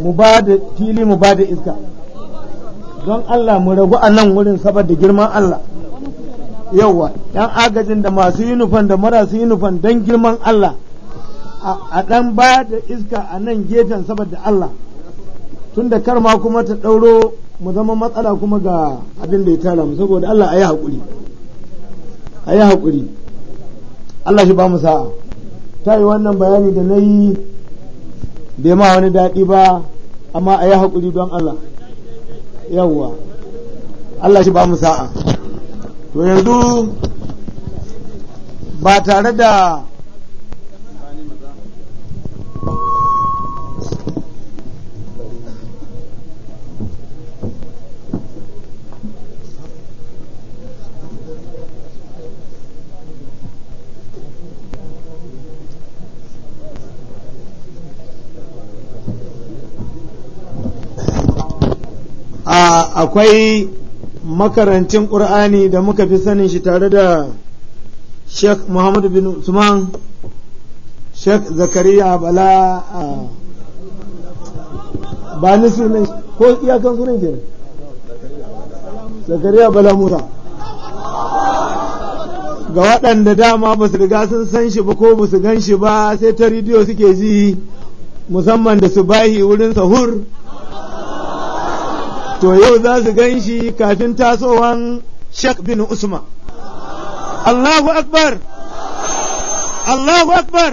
mu ba da fili mu ba da iska don Allah mu ragu a nan wurin saboda girman Allah yauwa ɗan agajin da masu nufan da marasu yunifom don girman Allah a ɗan ba da iska a nan gefen saboda Allah tun da kar kuma ta ɗauro mu zama matsala kuma ga abin da ya tara mu saboda Allah a yi haƙuri a yi haƙuri Allah shi ba mu sa'a ta yi wannan bayani da na yi bai ma wani daɗi ba amma a yi haƙuri don Allah yawwa Allah shi ba mu sa'a to yanzu ba tare da akwai makarancin ƙur'ani da muka fi sanin shi tare da sheikh muhammad bin usman sheikh zakariya bala ba ni sunan ko iyakan sunan ke zakariya bala musa ga waɗanda dama ba su riga sun san shi ba ko ba su gan shi ba sai ta rediyo suke ji musamman da su bahi wurin sahur to yau za su gan shi kafin tasowan Sheikh bin Usman Allahu Akbar Allahu Akbar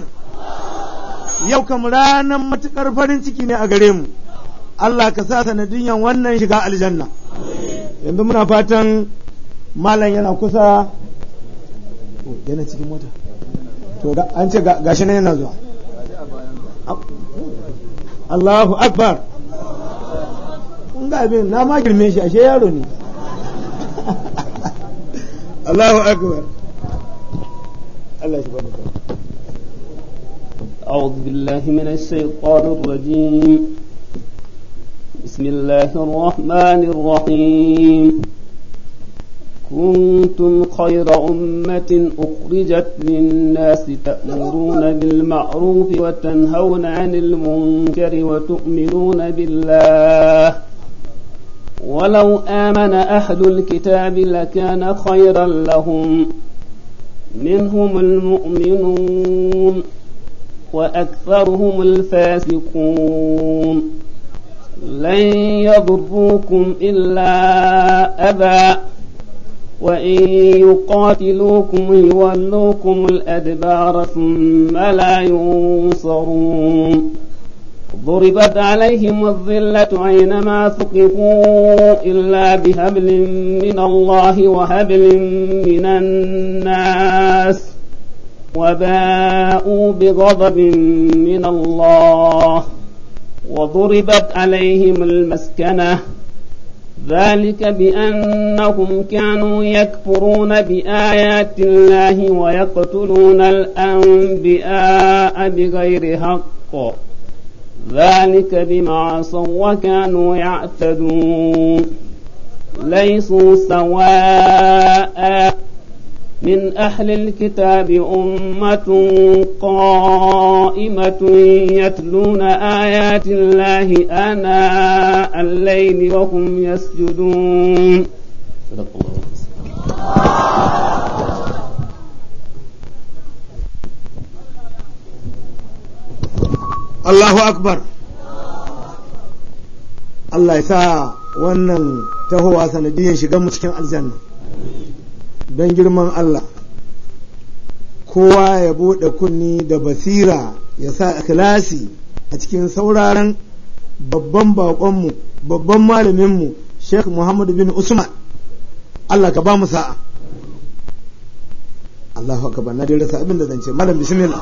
yau kam ranar matukar farin ciki ne a gare mu Allah ka sa sanadiyyan wannan shiga aljanna yanzu muna fatan malam yana kusa oh, yana cikin mota to an ce gashi nan yana zuwa Allahu Akbar لا ga abin na ma girme الله اكبر yaro أعوذ بالله من الشيطان الرجيم بسم الله الرحمن الرحيم كنتم خير أمة أخرجت للناس تأمرون بالمعروف وتنهون عن المنكر وتؤمنون بالله ولو آمن أهل الكتاب لكان خيرا لهم منهم المؤمنون وأكثرهم الفاسقون لن يضروكم إلا أذى وإن يقاتلوكم يولوكم الأدبار ثم لا ينصرون ضربت عليهم الظلة أينما ثقفوا إلا بهبل من الله وهبل من الناس وباءوا بغضب من الله وضربت عليهم المسكنة ذلك بأنهم كانوا يكفرون بآيات الله ويقتلون الأنبياء بغير حق ذلك بما عصوا وكانوا يعتدون ليسوا سواء من أهل الكتاب أمة قائمة يتلون آيات الله آناء الليل وهم يسجدون صدق الله Allahu akbar Allah ya sa wannan tahowa sanadiyyar shiga mu cikin aljanna don girman Allah kowa ya buɗe kunni da basira ya sa kilasi a cikin sauraron babban baƙonmu babban malaminmu Sheikh Muhammadu bin Usman Allah ka ba mu sa'a Allahu akbar na dai rasa da zan malam bismillah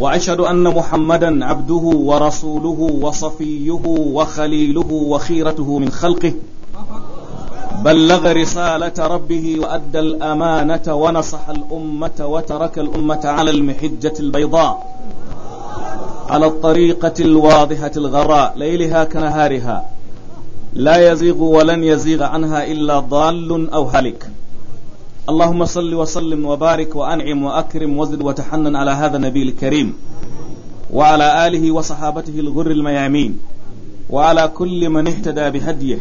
واشهد ان محمدا عبده ورسوله وصفيه وخليله وخيرته من خلقه بلغ رساله ربه وادى الامانه ونصح الامه وترك الامه على المحجه البيضاء على الطريقه الواضحه الغراء ليلها كنهارها لا يزيغ ولن يزيغ عنها الا ضال او هلك اللهم صل وسلم وبارك وأنعم وأكرم وزد وتحنن على هذا النبي الكريم وعلى آله وصحابته الغر الميامين وعلى كل من اهتدى بهديه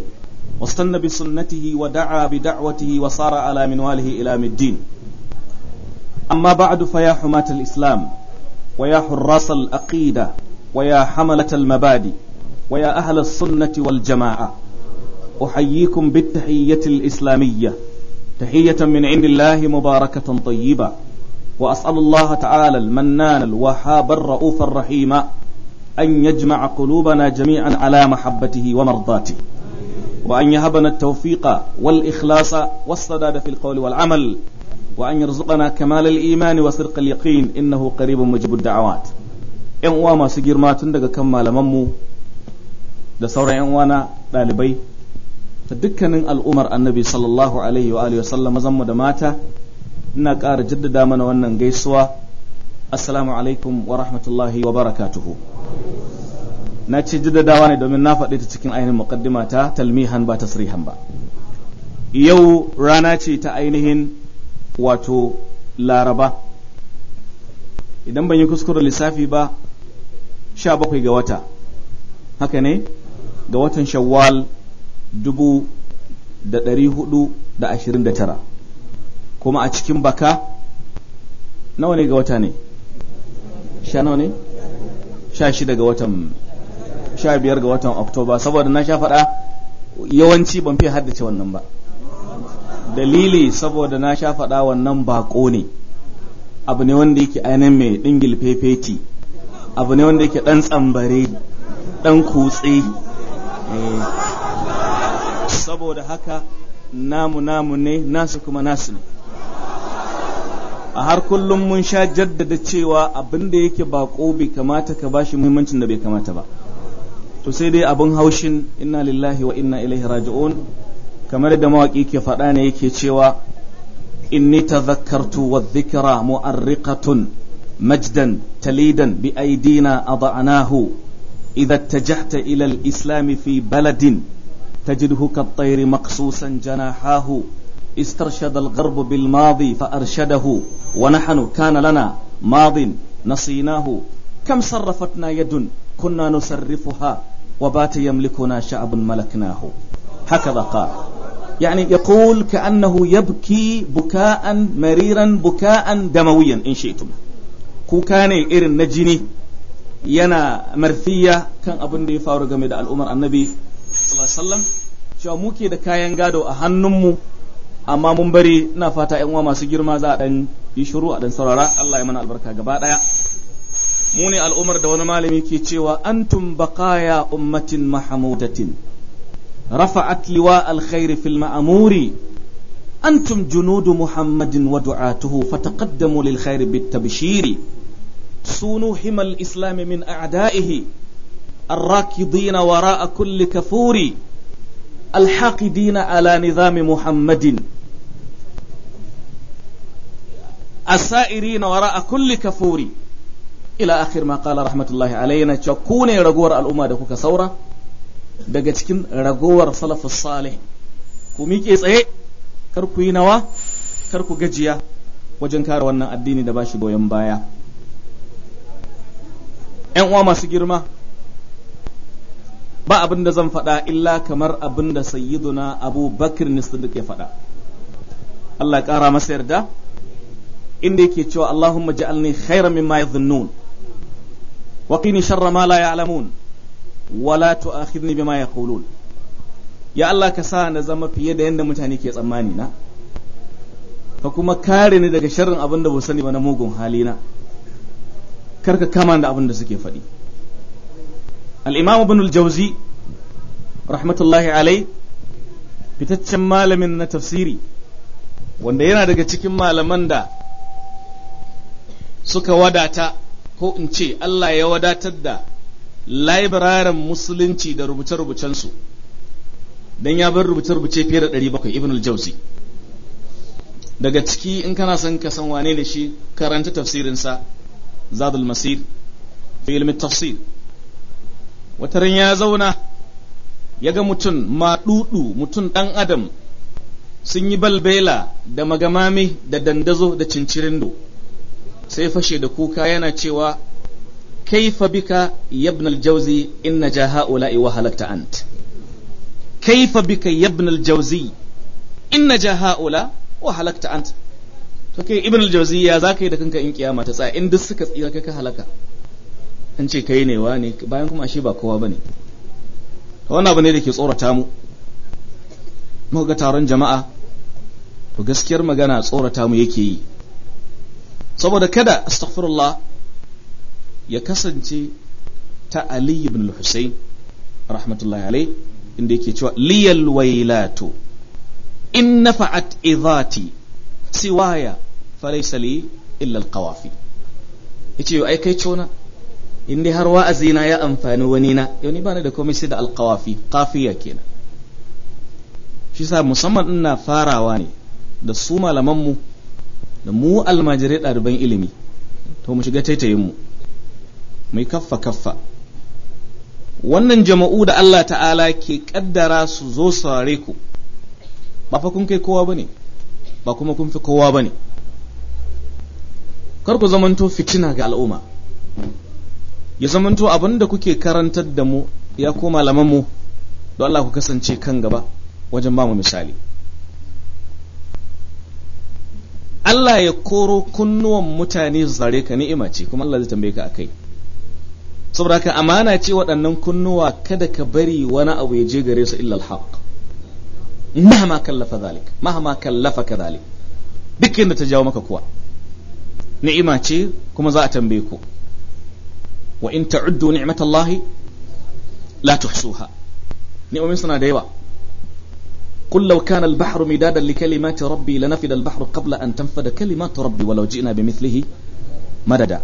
واستنى بسنته ودعا بدعوته وصار على منواله إلى الدين أما بعد فيا حماة الإسلام ويا حراس الأقيدة ويا حملة المبادئ ويا أهل السنة والجماعة أحييكم بالتحية الإسلامية تحية من عند الله مباركة طيبة وأسأل الله تعالى المنان الوهاب الرؤوف الرحيم أن يجمع قلوبنا جميعا على محبته ومرضاته وأن يهبنا التوفيق والإخلاص والسداد في القول والعمل وأن يرزقنا كمال الإيمان وصدق اليقين إنه قريب مجيب الدعوات ‘yan uwa masu girma tun daga kan malamanmu da sauran ‘yan uwana ɗalibai ta dukkanin al'umar annabi sallallahu alaihi wa alihi wasallam mazanmu da mata ina ƙara jaddada mana wannan gaisuwa assalamu alaikum wa rahmatullahi wa barakatuhu na ce jaddadawa ne domin na faɗi ta cikin ainihin muqaddima ta talmihan ba tasrihan ba yau rana ce ta ainihin wato laraba idan ban yi kuskure lissafi ba sha bakwai ga wata haka ne ga watan shawwal dubu da hudu da ashirin da tara kuma a cikin baka nawa ne ga wata ne sha nawa ne sha shida ga watan sha biyar ga watan oktoba saboda na sha faɗa yawanci ban fiye haddace wannan ba dalili saboda na sha faɗa wannan bako ne abu ne wanda yake ainihin mai ɗingil fefeti abu ne wanda yake ɗan tsambare ɗan kutse eh. saboda haka namu namu ne nasu kuma nasu ne a har kullum mun sha jaddada cewa abin da yake bako bai kamata ka bashi muhimmancin da bai kamata ba to sai dai abin haushin inna lillahi wa inna ilaihi raji'un kamar da mawaƙi ke faɗa ne yake cewa inni tazakkartu wa dhikra mu'arriqatun majdan talidan bi aidina adanahu idza tajahta ila al-islam fi baladin تجده كالطير مقصوصا جناحاه استرشد الغرب بالماضي فأرشده ونحن كان لنا ماض نصيناه كم صرفتنا يد كنا نصرفها وبات يملكنا شعب ملكناه هكذا قال يعني يقول كأنه يبكي بكاء مريرا بكاء دمويا إن شئتم كوكاني إرن نجني ينا مرثيه كان abin da ya faru الامر النبي sallallahu wasallam cewa muke da kayan gado a hannunmu amma mun bari ina fata yan uwa masu girma za a dan yi shiru a dan saurara Allah ya mana albarka gaba daya mu ne al'umar da wani malami ke cewa antum baqaya ummatin mahmudatin rafa'at liwa alkhair fil ma'muri antum junudu muhammadin wa du'atuhu fataqaddamu lil khair bit tabshiri sunu himal islam min a'da'ihi الراكضين وراء كل كفور الحاقدين على نظام محمد السائرين وراء كل كفور ila akhir ma qala rahmatullahi alayhi na cewa ku ne ragowar al'umma da kuka saura daga cikin ragowar salafus salih ku miƙe tsaye kar ku nawa kar ku gajiya wajen kare wannan addini da bashi goyon baya Yan uwa masu girma ba abin da zan faɗa illa kamar abin da sayyiduna abu bakir nisdik ya faɗa Allah ƙara masa yarda inda yake cewa Allahumma ja'alni khairan mimma yadhunnun wa qini sharra ma la ya'lamun wa la tu'akhidni bima yaqulun ya Allah ka sa na zama fiye da yanda mutane ke tsammani na ka kuma kare ni daga sharrin abin da ba sani ba na mugun halina karka kama da abin da suke faɗi al'imamu bin al-jauzi rahmatullahi alai fitaccen malamin na tafsiri wanda yana daga cikin malaman da suka wadata ko in ce Allah ya wadatar da laibiraren musulunci da rubuce-rubucensu don ya bar rubuce-rubuce fiye da 700 ibn al-jauzi daga ciki in kana son ka san wane da shi karanta tafsirinsa zadul masir fi ilmin tafsir Watarin ya zauna ya ga mutum maɗuɗu mutum ɗan adam sun yi balbela da magamami da dandazo da cincirindo sai fashe da kuka yana cewa bi bika yabnal jauzi in na ja ha'ula'i wa halatta ant bi bika yabnal jauzi in na ja ha'ula wa halatta ant to kai ibn jauzi ya zaka yi da kanka in kiyama ta tsaya in duk suka tsira kai ka halaka in ce kai ne wa ne bayan kuma ashe ba kowa bane wannan abu ne da ke tsorata mu muka ga taron jama'a to gaskiyar magana tsorata mu yake yi saboda kada astaghfirullah ya kasance ta Ali ibn al rahmatullahi alayh inda yake cewa liyal wailatu in nafa'at idhati siwaya falaysa li illa al yace ai kai cona in dai har wa'azi ya amfani wani na yau ni bani da komai sai da alkawafi kafiya kenan shi sa musamman ina farawa ne da su malaman mu da mu almajirai ɗaliban ilimi to mu shiga taitayin mu mai kaffa kaffa wannan jama'u da Allah ta'ala ke kaddara su zo saurare ku ba fa kun kai kowa bane ba kuma kun fi kowa bane kar ku zamanto fitina ga al'umma ya zamanto abin da kuke karantar da mu ya ko malaman mu don Allah ku kasance kan gaba wajen ba mu misali Allah ya koro kunnuwan mutane zare ka ni'ima ce kuma Allah zai tambaye ka akai saboda haka amana ce waɗannan kunnuwa kada ka bari wani abu ya je gare su illa haq mahama kallafa zalik mahama kallafa kadhalik dukkan da ta jawo maka kuwa ni'ima ce kuma za a tambaye ku وإن تعدوا نعمة الله لا تحصوها نعم صنع ديوة قل لو كان البحر مدادا لكلمات ربي لنفد البحر قبل أن تنفد كلمات ربي ولو جئنا بمثله مددا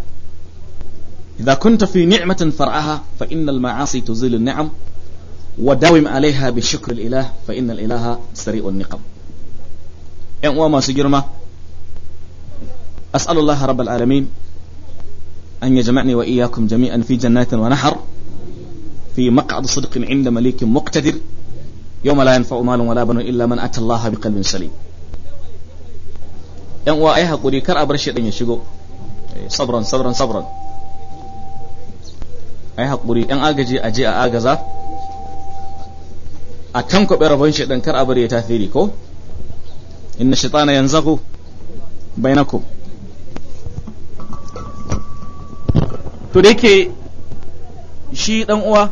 إذا كنت في نعمة فرعها فإن المعاصي تزيل النعم وداوم عليها بشكر الإله فإن الإله سريء النقم أيوة سجرما أسأل الله رب العالمين أن يجمعني وإياكم جميعا في جنات ونحر في مقعد صدق عند مليك مقتدر يوم لا ينفع مال ولا بنون إلا من أتى الله بقلب سليم yan uwa ai hakuri kar a bar shi ya shigo sabran sabran sabran ai hakuri yan agaji aje a agaza a tankwabe rabon shi kar a bar ya tasiri ko inna shaitana yanzagu bainakum to da yake shi dan uwa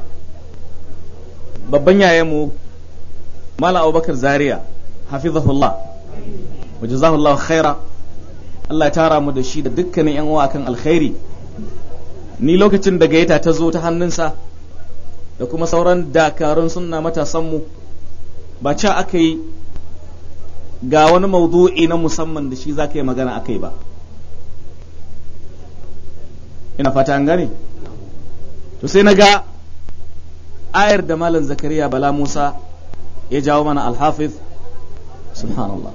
babban yayanmu mala abubakar zaria hafizahullah wa jazahullahu khaira Allah ya tara mu da shi da dukkanin yan uwa kan alkhairi ni lokacin da gayyata ta zo ta hannunsa da kuma sauran dakarun sunna mu ba ca aka yi ga wani maudu'i na musamman da shi za ka yi magana akai ba ina fata an gane to sai na ga ayar da malam zakariya bala musa ya jawo mana alhafiz subhanallah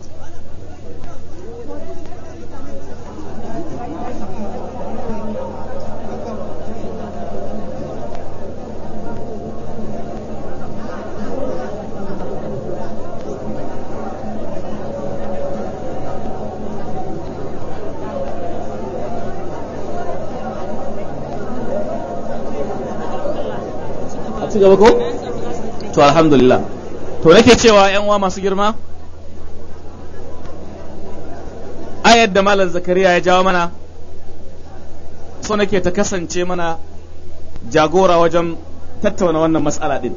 a ci gaba ko to alhamdulillah to nake cewa yan uwa masu girma ayar da malam zakariya ya jawo mana so nake ta kasance mana jagora wajen tattauna wannan matsala din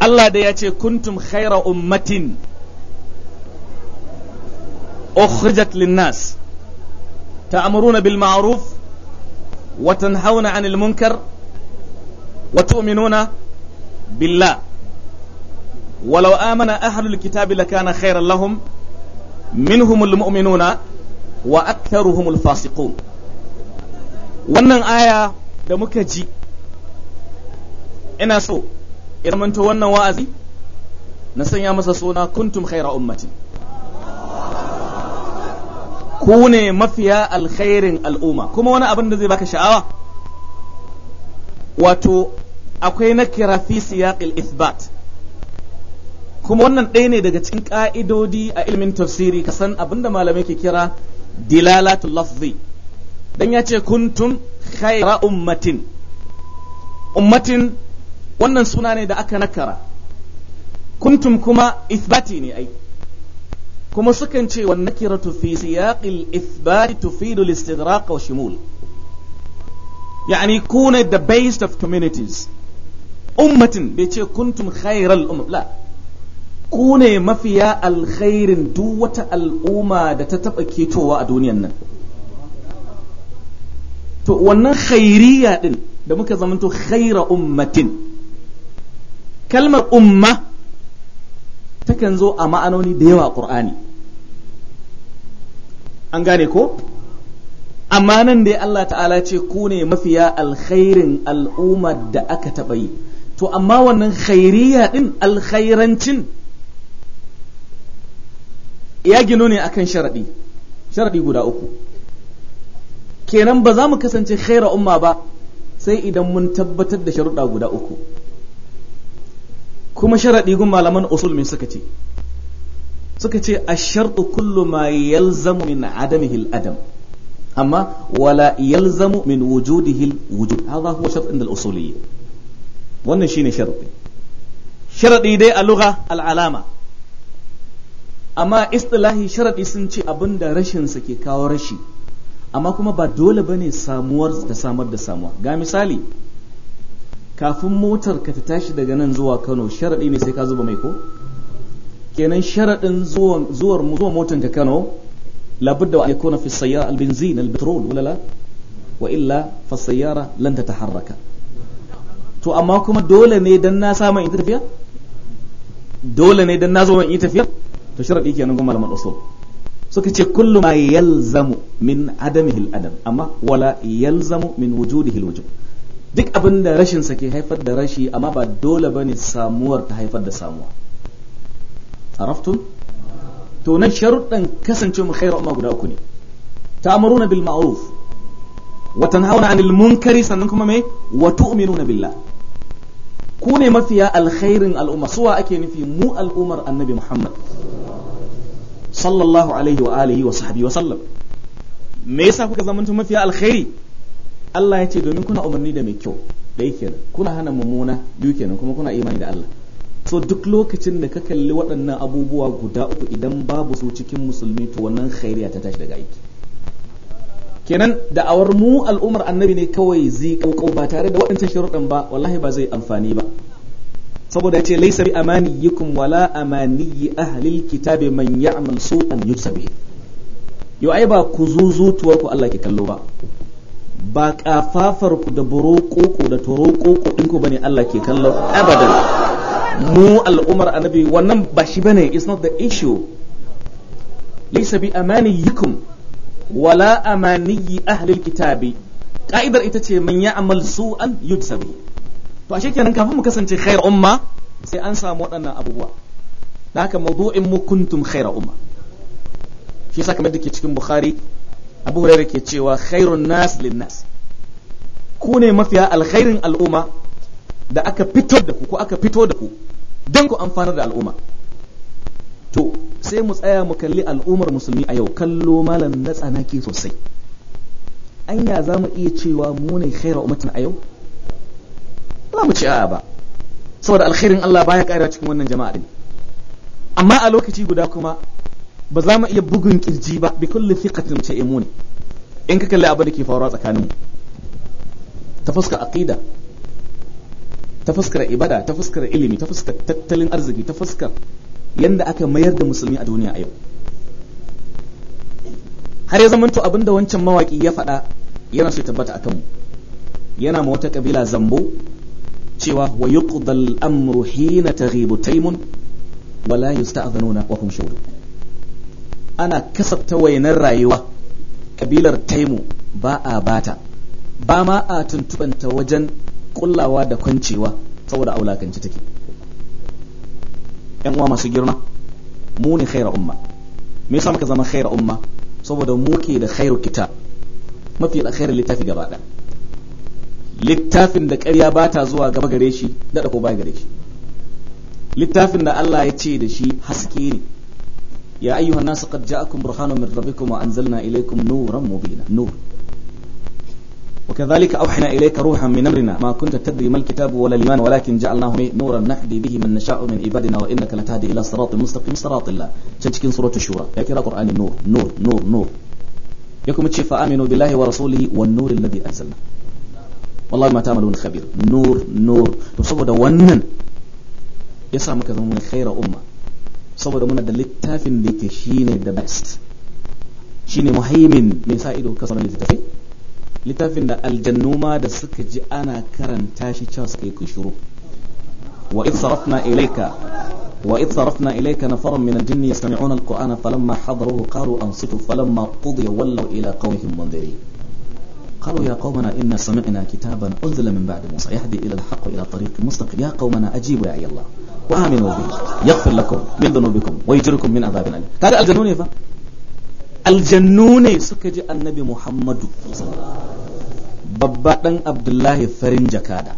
Allah da ya ce kuntum khaira ummatin ukhrijat linnas ta'muruna bil ma'ruf wa tanhauna 'anil munkar wa tu'minuna billah walau amana ahlul kitabi lakana khairan lahum minhumul mu'minuna wa aktharuhumul fasiqun wannan aya da muka ji ina so idan mun wannan wa'azi na sanya masa suna kuntum khaira ummatin ku ne mafiya alkhairin al'umma kuma wani abin da zai baka sha'awa wato akwai nakira fi siyaqil isbat kuma wannan ɗaya ne daga cikin ƙa'idodi a ilimin tafsiri ka san abinda malamai ke kira dilalatul lafzi dan ya ce kuntum khaira ummatin ummatin wannan suna ne da aka nakara kuntum kuma ithbati ne ai kuma sukan ce wa nakiratu fi siyaqil isbati tufidu al-istidrak wa shumul yani kuna the base of communities ummatin bai ce kuntum khairal umm la ku ne mafiya alkhairin duk wata al'umma da ta taba ketowa a duniyan nan to wannan khairiyya din da muka zamanto khaira ummatin kalmar umma takan zo a ma'anoni da yawa a ƙur'ani an gane ko amma nan dai Allah ta'ala ce ku ne mafiya alkhairin al'ummar da aka taɓa yi to amma wannan khairiyya din alkhairancin ya gino ne akan sharaɗi sharaɗi guda uku kenan ba za mu kasance khaira umma ba sai idan mun tabbatar da sharuɗa guda uku kuma sharaɗi gun malaman usul min suka ce suka ce a sharɗu kullu ma yalzamu min adamihil adam amma wala yalzamu min wujudihil wujud hadha huwa shart inda al-usuliyyin wannan shine sharadi sharadi dai a lugha al'alama amma istilahi sharadi sun ce abin da rashinsa ke kawo rashi amma kuma ba dole ne samuwar ta samar da samuwa ga misali kafin motar ka ta tashi daga nan zuwa Kano sharadi ne sai ka zuba mai ko kenan sharadin zuwan zuwar motar ka Kano labudda da yakuna fi sayyara al-benzin al-petrol wala la wa illa fa sayyara lan tataharraka to amma kuma dole ne dan na samu in tafiya dole ne dan na zo in tafiya to sharadi kenan kuma malaman usul suka ce kullu ma yalzamu min adamihi al-adam amma wala yalzamu min wujudihi al-wujud duk abin da rashin sa ke haifar da rashi amma ba dole bane samuwar ta haifar da samuwa araftum to nan sharuɗan kasance mu khairu amma guda uku ne ta'muruna bil ma'ruf wa tanhauna 'anil munkari sannan kuma me wa tu'minuna billah ku ne mafiya alkhairin al'umma suwa ake nufi mu al'ummar annabi Muhammad sallallahu alaihi wa alihi wa sahbihi wa sallam me yasa kuka zamanto mafiya alkhairi Allah ya ce domin kuna umarni da mai kyau da yake kuna hana mummuna biyu kenan kuma kuna imani da Allah so duk lokacin da ka kalli waɗannan abubuwa guda uku idan babu su cikin musulmi to wannan khairiya ta tashi daga aiki kenan da'awar mu al'ummar annabi ne kawai zai kaukau ba tare da waɗancan sharuɗan ba wallahi ba zai amfani ba saboda ce laisa bi amaniyikum wala amaniyi ahlil kitabi man ya'mal su'an yusab yau ai ba ku zuzutuwar ku Allah ke kallo ba ba kafafar ku da burokoko da torokoko din ku bane Allah ke kallo abadan mu al'umar annabi wannan ba shi bane it's not the issue laisa bi amaniyikum wala amaniyi ahlil kitabi ka'idar ita ce man ya'mal su'an yujsabi to ashe kenan kafin mu kasance khair umma sai an samu waɗannan abubuwa da haka mawdu'in mu kuntum khair umma shi yasa kamar da ke cikin bukhari abu hurairah ke cewa khairun nas lin nas ku ne mafiya alkhairin al'umma da aka fito da ku ko aka fito da ku don ku amfanar da al'umma to sai mu tsaya mu kalli al'ummar musulmi a yau kallo malam na tsanaki sosai anya za mu iya cewa mu ne khaira ummatin a yau ba mu ci a'a ba saboda alkhairin Allah baya ƙara cikin wannan jama'a din amma a lokaci guda kuma ba za mu iya bugun kirji ba bi kulli thiqatin ce imun in ka kalli abin da ke faruwa tsakanin mu ta fuskar aqida ta fuskar ibada ta fuskar ilimi ta fuskar tattalin arziki ta fuskar Yadda aka mayar da musulmi a duniya a yau har ya zamanto abinda wancan mawaki ya faɗa yana so ya tabbata a kanmu yana ma wata kabila zambo cewa wa yuqdal amru hina taghibu taimun wala yusta'dhanuna wa hum shuhud ana kasabta wainar rayuwa kabilar taimu ba a bata ba ma a tuntubanta wajen kullawa da kwancewa saboda aulakanci take yan uwa masu girma mu ne khaira umma me yasa muka zama khaira umma saboda mu ke da khairu kitab mafi alkhairin littafi gaba littafin da ƙarya ba ta zuwa gaba gare shi daɗa ko baya gare shi littafin da Allah ya ce da shi haske ne ya ayyuhan nasu qad ja'akum burhanun min rabbikum wa anzalna ilaykum nuran mubina nur وكذلك أوحنا إليك روحا من أمرنا ما كنت تدري ما الكتاب ولا الإيمان ولكن جعلناه نورا نهدي به من نشاء من عبادنا وإنك لتهدي إلى صراط مستقيم صراط الله تشكين سورة الشورى يا كرا قرآن النور نور نور نور يكم تشي فآمنوا بالله ورسوله والنور الذي أنزلنا والله ما تعملون خبير نور نور تصبر ونن يسعى مكذا من خير أمة صبر من دلتافن لكشين the best shine muhaimin mai sa ido kasar littattafai littafin da aljannuma da suka ji ana karanta shi cewa suka yi kushuru wa idh sarafna ilayka wa idh sarafna ilayka nafaran min al-jinn yastami'una al-qur'ana falamma hadaruhu qalu ansitu falamma qudiya wallaw ila qawmihim mundirin قالوا يا قومنا إنا سمعنا كتابا أنزل من بعد موسى يهدي إلى الحق وإلى طريق مستقيم يا قومنا أجيبوا يا الله وآمنوا به يغفر لكم من ذنوبكم ويجركم من عذاب أليم قال الجنون يفهم aljannu ne suka ji annabi muhammadu babba ɗan abdullahi farin jakada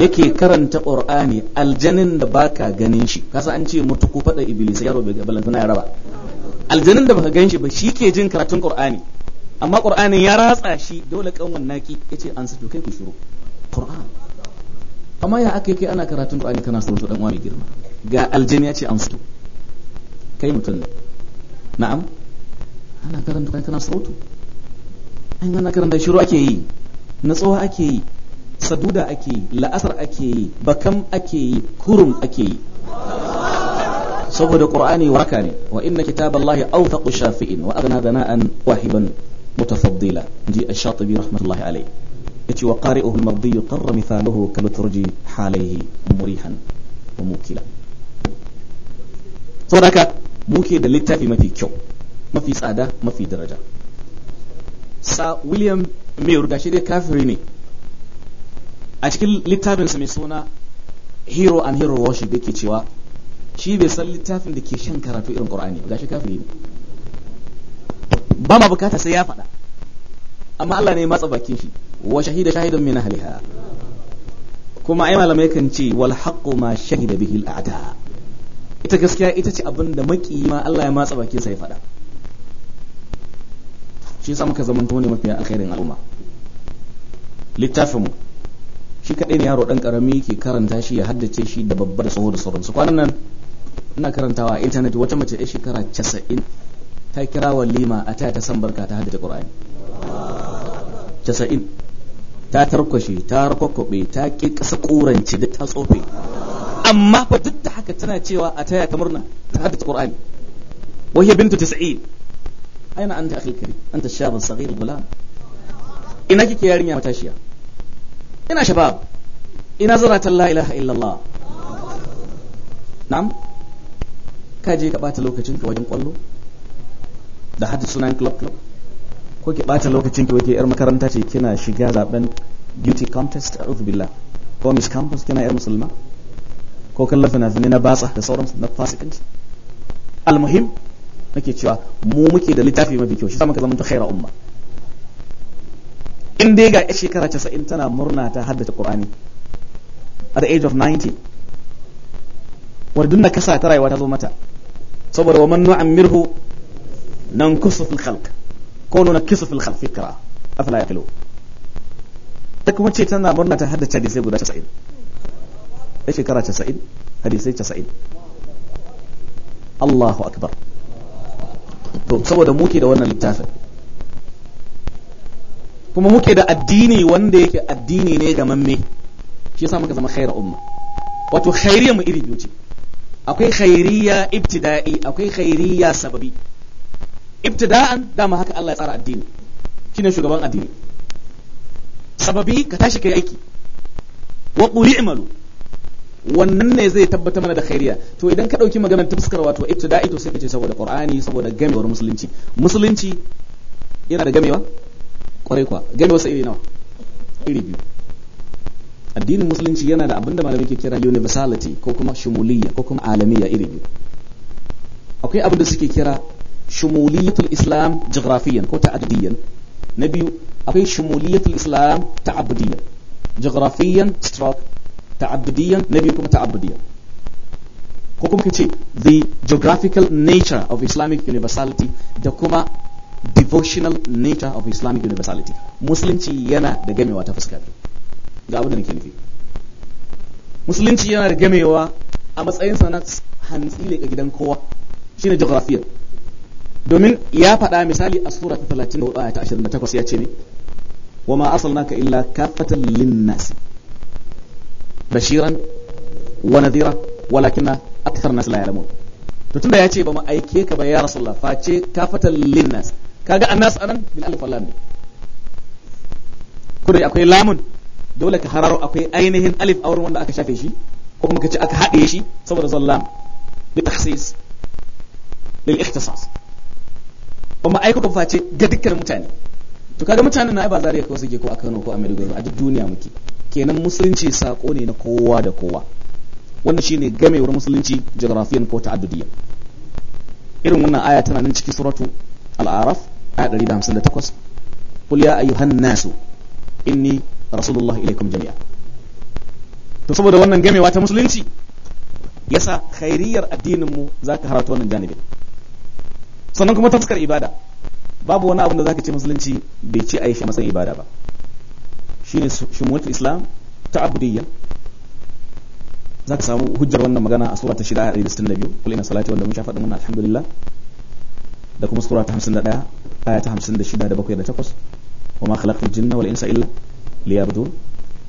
yake karanta ƙur'ani aljanin da baka ganin shi kasa an ce mutu ko faɗa iblis ya robe gabalin suna ya raba aljanin da baka gan shi ba shi ke jin karatun ƙur'ani amma ƙor'ani ya ratsa shi dole ƙanwan naki ya ce an sato kai ku shiru ƙur'an amma ya aka yi kai ana karatun ƙur'ani kana sauto ɗan uwa mai girma ga aljani ya ce an sato kai mutum ne na'am ana karanta kai kana sautu an ana karanta shiru ake yi natsuwa ake yi saduda ake yi la'asar ake yi bakam ake yi kurum ake yi saboda qur'ani waraka ne wa inna kitaballahi awthaqu shafi'in wa aghna dana'an wahiban mutafaddila ji ash متفضلا جاء الشاطبي رحمة الله عليه يتي وقارئه المرضي قر مثاله halayhi murihan wa mukila saboda موكي muke da littafi mafi kyau mafi tsada mafi daraja sa william mayor gashi dai kafiri ne a cikin littafinsa mai suna hero and hero worship yake cewa shi bai san littafin da ke shan karatu irin ba gashi kafiri ne ba ma bukata sai ya faɗa amma Allah ne matsa bakin shi wa shahida shahidun min ahliha kuma ai malamai kan ce wal haqqu ma shahida bihi al a'da ita gaskiya ita ce abinda maki ma Allah ya matsa bakin sa ya faɗa shi yasa muka zamanto ne mafiya alkhairin al'umma littafin shi kadai ne yaro ɗan ƙarami ke karanta shi ya haddace shi da babbar da tsoho da sauransu kwanan nan ina karantawa a intanet wata mace ya shekara 90 ta kira Lima a taya ta san barka ta haddace qur'ani 90 ta tarkwashe ta rakwakwabe ta ki ƙasa kurance da ta tsofe amma fa duk da haka tana cewa a taya ta murna ta haddace qur'ani wahiyya bintu 90 aina anta akhi kabi anta shabun saghir gulam ina kike yarinya matashiya ina shabab ina zaratan la ilaha illallah na'am ka je ka bata lokacin ka wajen kwallo da hadda sunan club club ko ki bata lokacin ki wajen yar makaranta ce kina shiga zaben beauty contest a'udhu billah ko miss campus kina yar musulma ko kallon fina-finai na batsa da sauransu na fasikanci almuhim nake cewa mu muke da littafi mafi kyau shi sa muka zamanto khaira umma in dai ga shekara 90 tana murna ta haddace Qur'ani at the age of 90 wadun kasa ta rayuwa ta zo mata saboda wa man nu'ammirhu nankusu fil khalq ko nunkisu fil khalq fikra afala yaqilu ta kuma ce tana murna ta haddace hadisai guda 90 shekara 90 hadisai 90 Allahu akbar to saboda muke da wannan littafin kuma muke da addini wanda yake addini ne ga mamme shi yasa muka zama khaira umma wato khairiyya mu iri biyu ce akwai khairiyya ibtida'i akwai khairiyya sababi ibtida'an dama haka Allah ya tsara addini shine shugaban addini sababi ka tashi kai aiki wa qul i'malu wannan ne zai tabbata mana da khairiya to idan ka dauki maganar ta fuskar wato ibtida'i to sai ka ce saboda qur'ani saboda gamewar musulunci musulunci yana da gamewa kwarai kwa gamewar sa iri nawa iri biyu addinin musulunci yana da abinda malamai ke kira universality ko kuma shumuliyya ko kuma alamiyya iri biyu akwai abinda suke kira shumuliyatul islam jigrafiyan ko ta'addiyan na biyu akwai shumuliyatul islam ta'abdiyan jigrafiyan stroke ta'abbudiyan na biyu kuma ta'abbudiyan ko kuma kace the geographical nature of islamic universality da kuma devotional nature of islamic universality musulunci yana da gamewa ta fuska biyu ga abin da nake nufi musulunci yana da gamewa a matsayin matsayinsa na hantsi leƙa gidan kowa shine geographical domin ya faɗa misali a sura ta 34 ta 28 ya ce ne wa ma asalnaka illa kafatan lin nasi bashiran wa nadira walakin nas la ya'lamun to tunda ya ce ba mu aike ka ba ya rasulullah face kafatan linnas kaga annas anan bil alif lam kudai akwai lamun dole ka hararo akwai ainihin alif a wurin wanda aka shafe shi ko kuma ka ce aka haɗe shi saboda zallam bi takhsis lil ikhtisas kuma ai kuka face ga dukkan mutane to na ko a Kano ko a a duk duniya muke kenan musulunci sako ne na kowa da kowa wanda shine gamewar musulunci geografiyan ko ta'addudiyan irin wannan aya tana nan cikin suratu al-araf aya 158 qul ya ayyuhan nasu inni rasulullah ilaikum jami'a to saboda wannan gamewa ta musulunci yasa khairiyar addinin mu zaka harata wannan janibin sannan kuma tafsikar ibada babu wani abu da zaka ce musulunci bai ci a yi shi matsayin ibada ba shine shumulatul islam ta abudiyya za ka samu hujjar wannan magana a sura ta 6 ayat 62 kula ina salati wanda mun sha faɗin wannan alhamdulillah da kuma sura ta ɗaya aya ta hamsin da shida da bakwai da takwas wa ma khalaqtul jinna wal insa illa liyabdun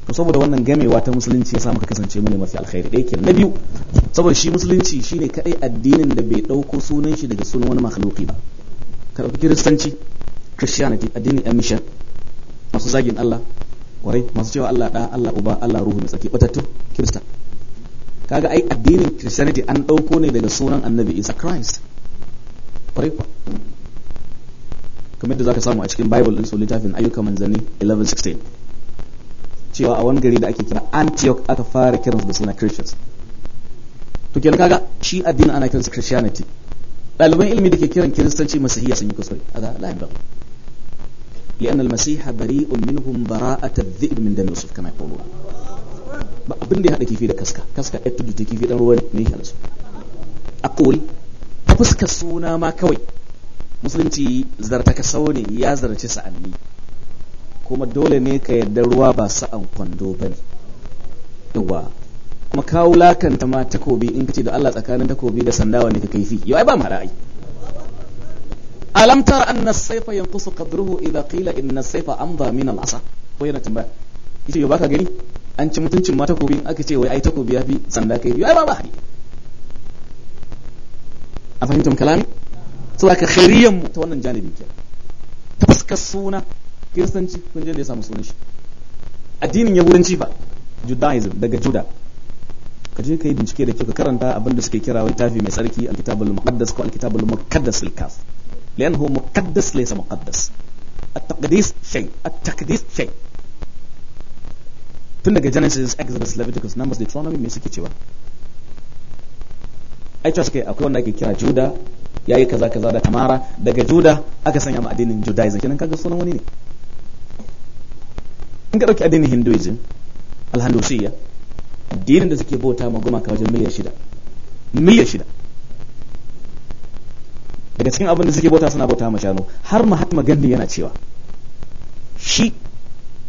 to saboda wannan gamewa ta musulunci ya sa muka kasance mu ne mafi alkhairi ɗaya kenan na biyu saboda shi musulunci shine kadai addinin da bai ɗauko sunan shi daga sunan wani makhluki ba ka ɗauki kiristanci christianity addinin yan mission masu zagin Allah kwarai masu cewa Allah ɗa Allah uba Allah ruhu mai tsaki batattu kirista kaga ai addinin christianity an ɗauko ne daga sunan annabi isa christ kwarai kwa kamar da zaka samu a cikin bible din su littafin ayyukan manzanni 11:16 cewa a wani gari da ake kira antioch aka fara kiransu da suna christians to kenan kaga shi addinin ana kiransa christianity ɗaliban ilimi da ke kiran kiristanci masihiya sun yi kusuri a ga la'ibin لأن المسيح بريء منهم براءة الذئب من دم يوسف كما يقولون abin da ya haɗa kifi da kaska kaska ya tudu ta kifi ɗan ruwa ne ya su a ƙoli ta fuskar suna ma kawai musulunci zarta sau ne ya zarce sa'anni kuma dole ne ka yarda ruwa ba sa'an kwando ba ne yawa kuma kawo lakanta ma takobi in ka ce da allah tsakanin takobi da sandawa ne ka kaifi yau ai ba ma ra'ayi alam tara anna as-sayfa yanqusu qadruhu idha qila inna as-sayfa amdha min al-asa ko yana tambaya yace yo baka gani an ci mutuncin mata takobi in aka ce wai ai takobi yafi sanda kai yo ai ba ba hadi a fahimtum kalami saboda ka khairiyan mu ta wannan janibi ke ta fuskar suna kiristanci kun je da ya samu sunan shi addinin yahudanci fa judaism daga juda ka je ka yi bincike da kyau ka karanta abin da suke kira wani tafi mai tsarki alkitabul muqaddas ko alkitabul muqaddas al لأنه مقدس ليس مقدس التقديس شيء التقديس شيء tun daga Genesis, Exodus, Leviticus, Numbers, Deuteronomy mai suke cewa ai cewa suke akwai wanda ake kira Juda ya yi kaza kaza da Tamara daga Juda aka sanya ma addinin Judaism kenan kaga sunan wani ne in ka dauki addinin Hinduism alhandusiyya addinin da suke bauta ma gumaka wajen miliyan shida daga cikin abin da suke bauta suna bota ma har mahatma gandi yana cewa shi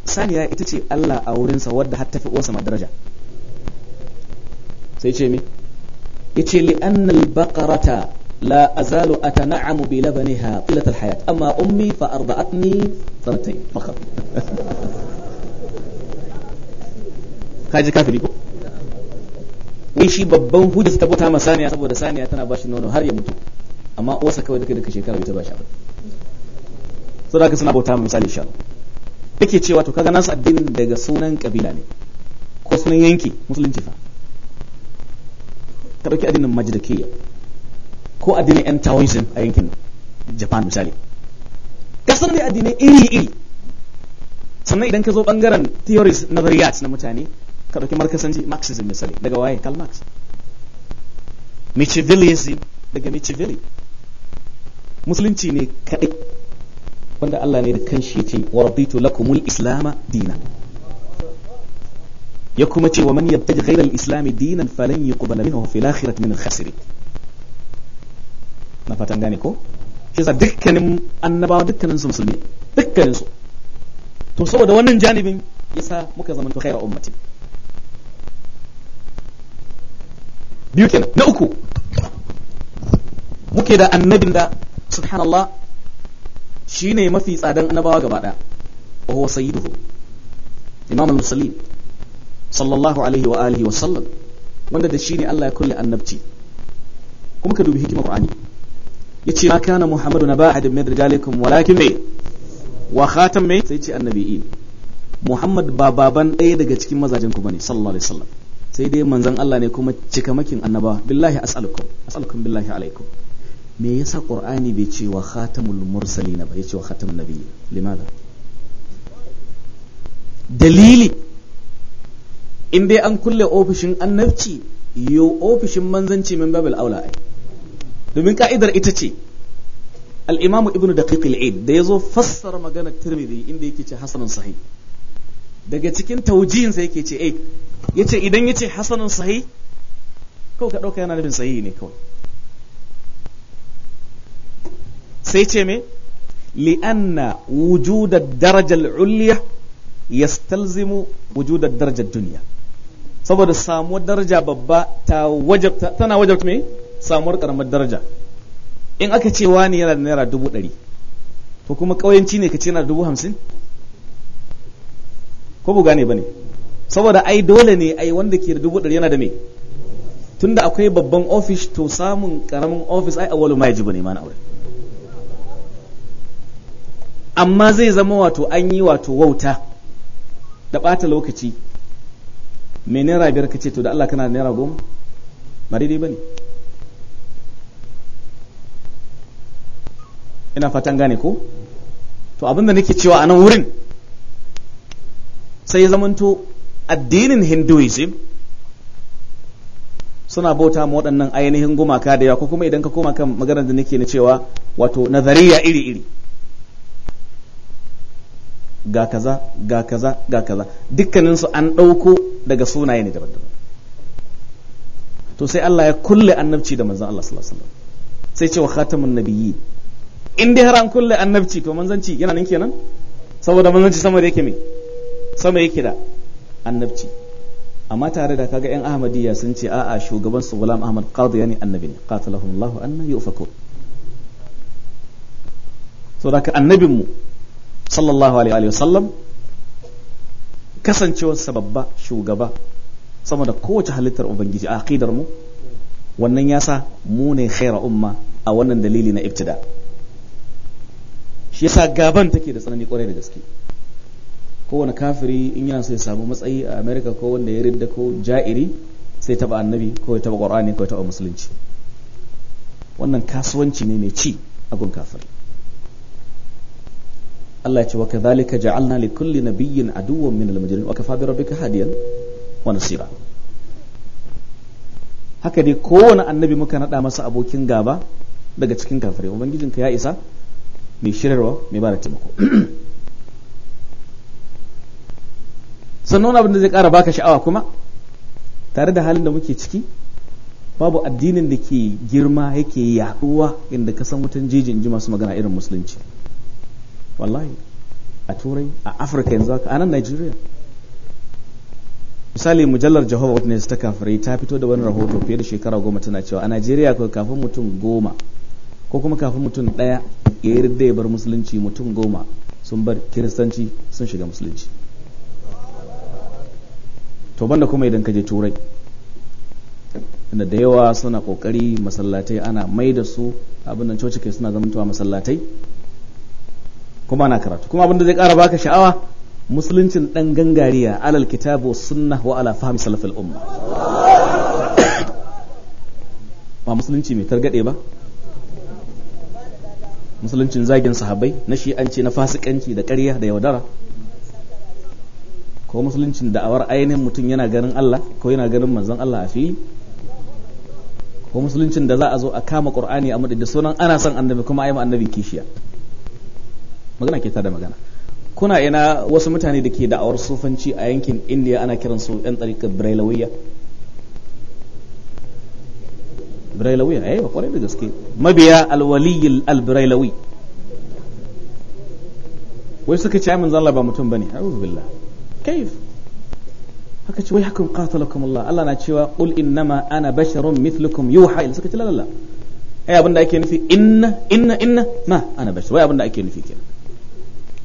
saniya ita ce Allah a wurinsa wadda har tafi uwarsa madaraja sai ce me yace li annal baqarata la azalu atana'amu bi labaniha qilat al hayat amma ummi fa arda'atni sanatayn fakat kaji kafiri ko wai shi babban hujja ta bota ma saniya saboda saniya tana bashi nono har ya mutu amma wasa kawai duka duka shekara bai ta ba shi ba. so da suna bauta mu misali shanu yake cewa to kaga nasu addinin daga sunan kabila ne ko sunan yanki musulunci fa ka dauki addinin majdakiyya ko addinin yan taoism a yankin japan misali Ka san da addinai iri iri sannan idan ka zo bangaren theories na variyat na mutane ka dauki markasanci marxism misali daga waye karl marx machiavellism daga machiavelli musulunci ne kaɗai. wanda Allah ne da kanshi ya ce wa raditu lakumul islama dina ya kuma ce wa man yabtaji ghayra al-islam dinan falan yuqbal minhu fil akhirati min al-khasirin na fatan gane ko shi sa dukkanin annabawa dukkanin su musulmi dukkanin su to saboda wannan janibin yasa muka zama to khayra ummati biyu kenan na uku muke da annabin da subhanallah shine mafi tsadan annabawa gaba daya wa huwa sayyiduhu imam al-muslim sallallahu alaihi wa alihi wa sallam wanda da shine Allah ya annabci kuma ka dubi hikimar Qur'ani yace ma kana muhammadu naba min rijalikum walakin wa khatam sai ce annabiyin muhammad ba baban ɗaya daga cikin mazajen ku bane sallallahu alaihi wasallam sai dai manzon Allah ne kuma cikamakin annaba billahi as'alukum as'alukum billahi alaikum me yasa qur'ani bai ce wa khatamul mursalin ba ya ce wa khatamun nabiyyi limada dalili in dai an kulle ofishin annabci yo ofishin manzanci min babil aula ai domin ka'idar ita ce al-imamu ibnu daqiq al-aid da yazo fassara maganar tirmidhi inda yake ce hasanun sahih daga cikin taujiyinsa yake ce eh yace idan yace hasanun sahih kawai ka dauka yana nufin sahihi ne kawai sai ce me li'anna wujudar darajar uliya ya stalzimu wujudar darajar duniya saboda samuwar daraja babba ta wajabta tana wajabta me samuwar karamar daraja in aka ce wani yana da naira dubu ɗari to kuma ƙauyenci ne ka ce yana da dubu hamsin ko buga ne ba ne saboda ai dole ne ai wanda ke da dubu ɗari yana da me tunda akwai babban ofis to samun karamin ofis ai awalu ma ba ne ma na aure amma zai zama wato an yi wato wauta da ɓata lokaci mai naira biyar ka ce to da Allah kana da naira goma ba daidai ba ne ina fatan gane ko to abinda nake cewa a nan wurin sai ya zamanto addinin hinduism suna bauta ma waɗannan ainihin gumaka da yawa ko kuma idan ka koma kan maganar da nake na cewa wato nazariya iri-iri ga kaza ga kaza ga kaza dukkanin su an ɗauko daga sunaye ne daban-daban to sai Allah ya kulle annabci da manzon Allah sallallahu alaihi wasallam sai wa khatamun nabiyyi in dai har an kulle annabci to manzanci yana nan kenan saboda manzanci sama da yake me sama yake da annabci amma tare da kaga yan ahmadiyya sun ce a'a shugaban su gulam ahmad yani annabi ne qatalahum allah anna yufakun saboda ka annabin mu sallallahu alaihi wasallam kasancewarsa babba shugaba sama da kowace halittar ubangiji a aqidar mu wannan yasa mu ne khaira umma a wannan dalili na ibtida shi yasa gaban take da tsanani kwarai da gaske kowane kafiri in yana so ya samu matsayi a america ko wanda ya ridda ko ja'iri sai taba annabi ko ya taba qur'ani ko ya taba musulunci wannan kasuwanci ne mai ci a gun kafiri Allah ya ce wa kadhalika ja'alna li kulli nabiyyin aduwwan min al-mujrimin wa kafa bi rabbika hadiyan wa nasira haka dai kowane annabi muka nada masa abokin gaba daga cikin kafirai ubangijinka ya isa mai shirarwa mai bada taimako sannan abin da zai kara baka sha'awa kuma tare da halin da muke ciki babu addinin da ke girma yake yaduwa inda ka san wutan jejin ji masu magana irin musulunci wallahi a turai a afirka yanzu a nan nigeria misali mujallar jehovah witness ta kafirai ta fito da wani rahoto fiye da shekara goma tana cewa a nigeria kafin mutum goma ko kuma kafin mutum ɗaya ya da ya bar musulunci mutum goma sun bar kiristanci sun shiga musulunci to banda kuma idan ka je turai inda da yawa suna kokari masallatai ana mai da su abin nan coci suna zamantowa masallatai kuma ana karatu kuma abin da zai kara baka sha'awa musuluncin dan gangariya alal kitabu sunna wa ala fahmi al umma ba musulunci mai targade ba musuluncin zagin sahabbai na shi'anci na fasikanci da ƙarya da yaudara ko musuluncin da'awar ainihin mutum yana ganin Allah ko yana ganin manzon Allah a fili ko musuluncin da za a zo a kama Qur'ani a madadin sunan ana son annabi kuma ayi annabi kishiya magana ke ta da magana kuna ina wasu mutane da ke da'awar sufanci a yankin indiya ana kiran su yan tsarikar brailawiyya brailawiyya eh ba kwarai da gaske mabiya alwaliyil albrailawi wai suka ce min zalla ba mutum bane a'udhu billah kayf haka ce wai hakan qatalakum Allah Allah na cewa qul innama ana basharun mithlukum yuha ila suka ce la la ai abinda ake nufi inna inna inna ma ana bashar wai abinda ake nufi kenan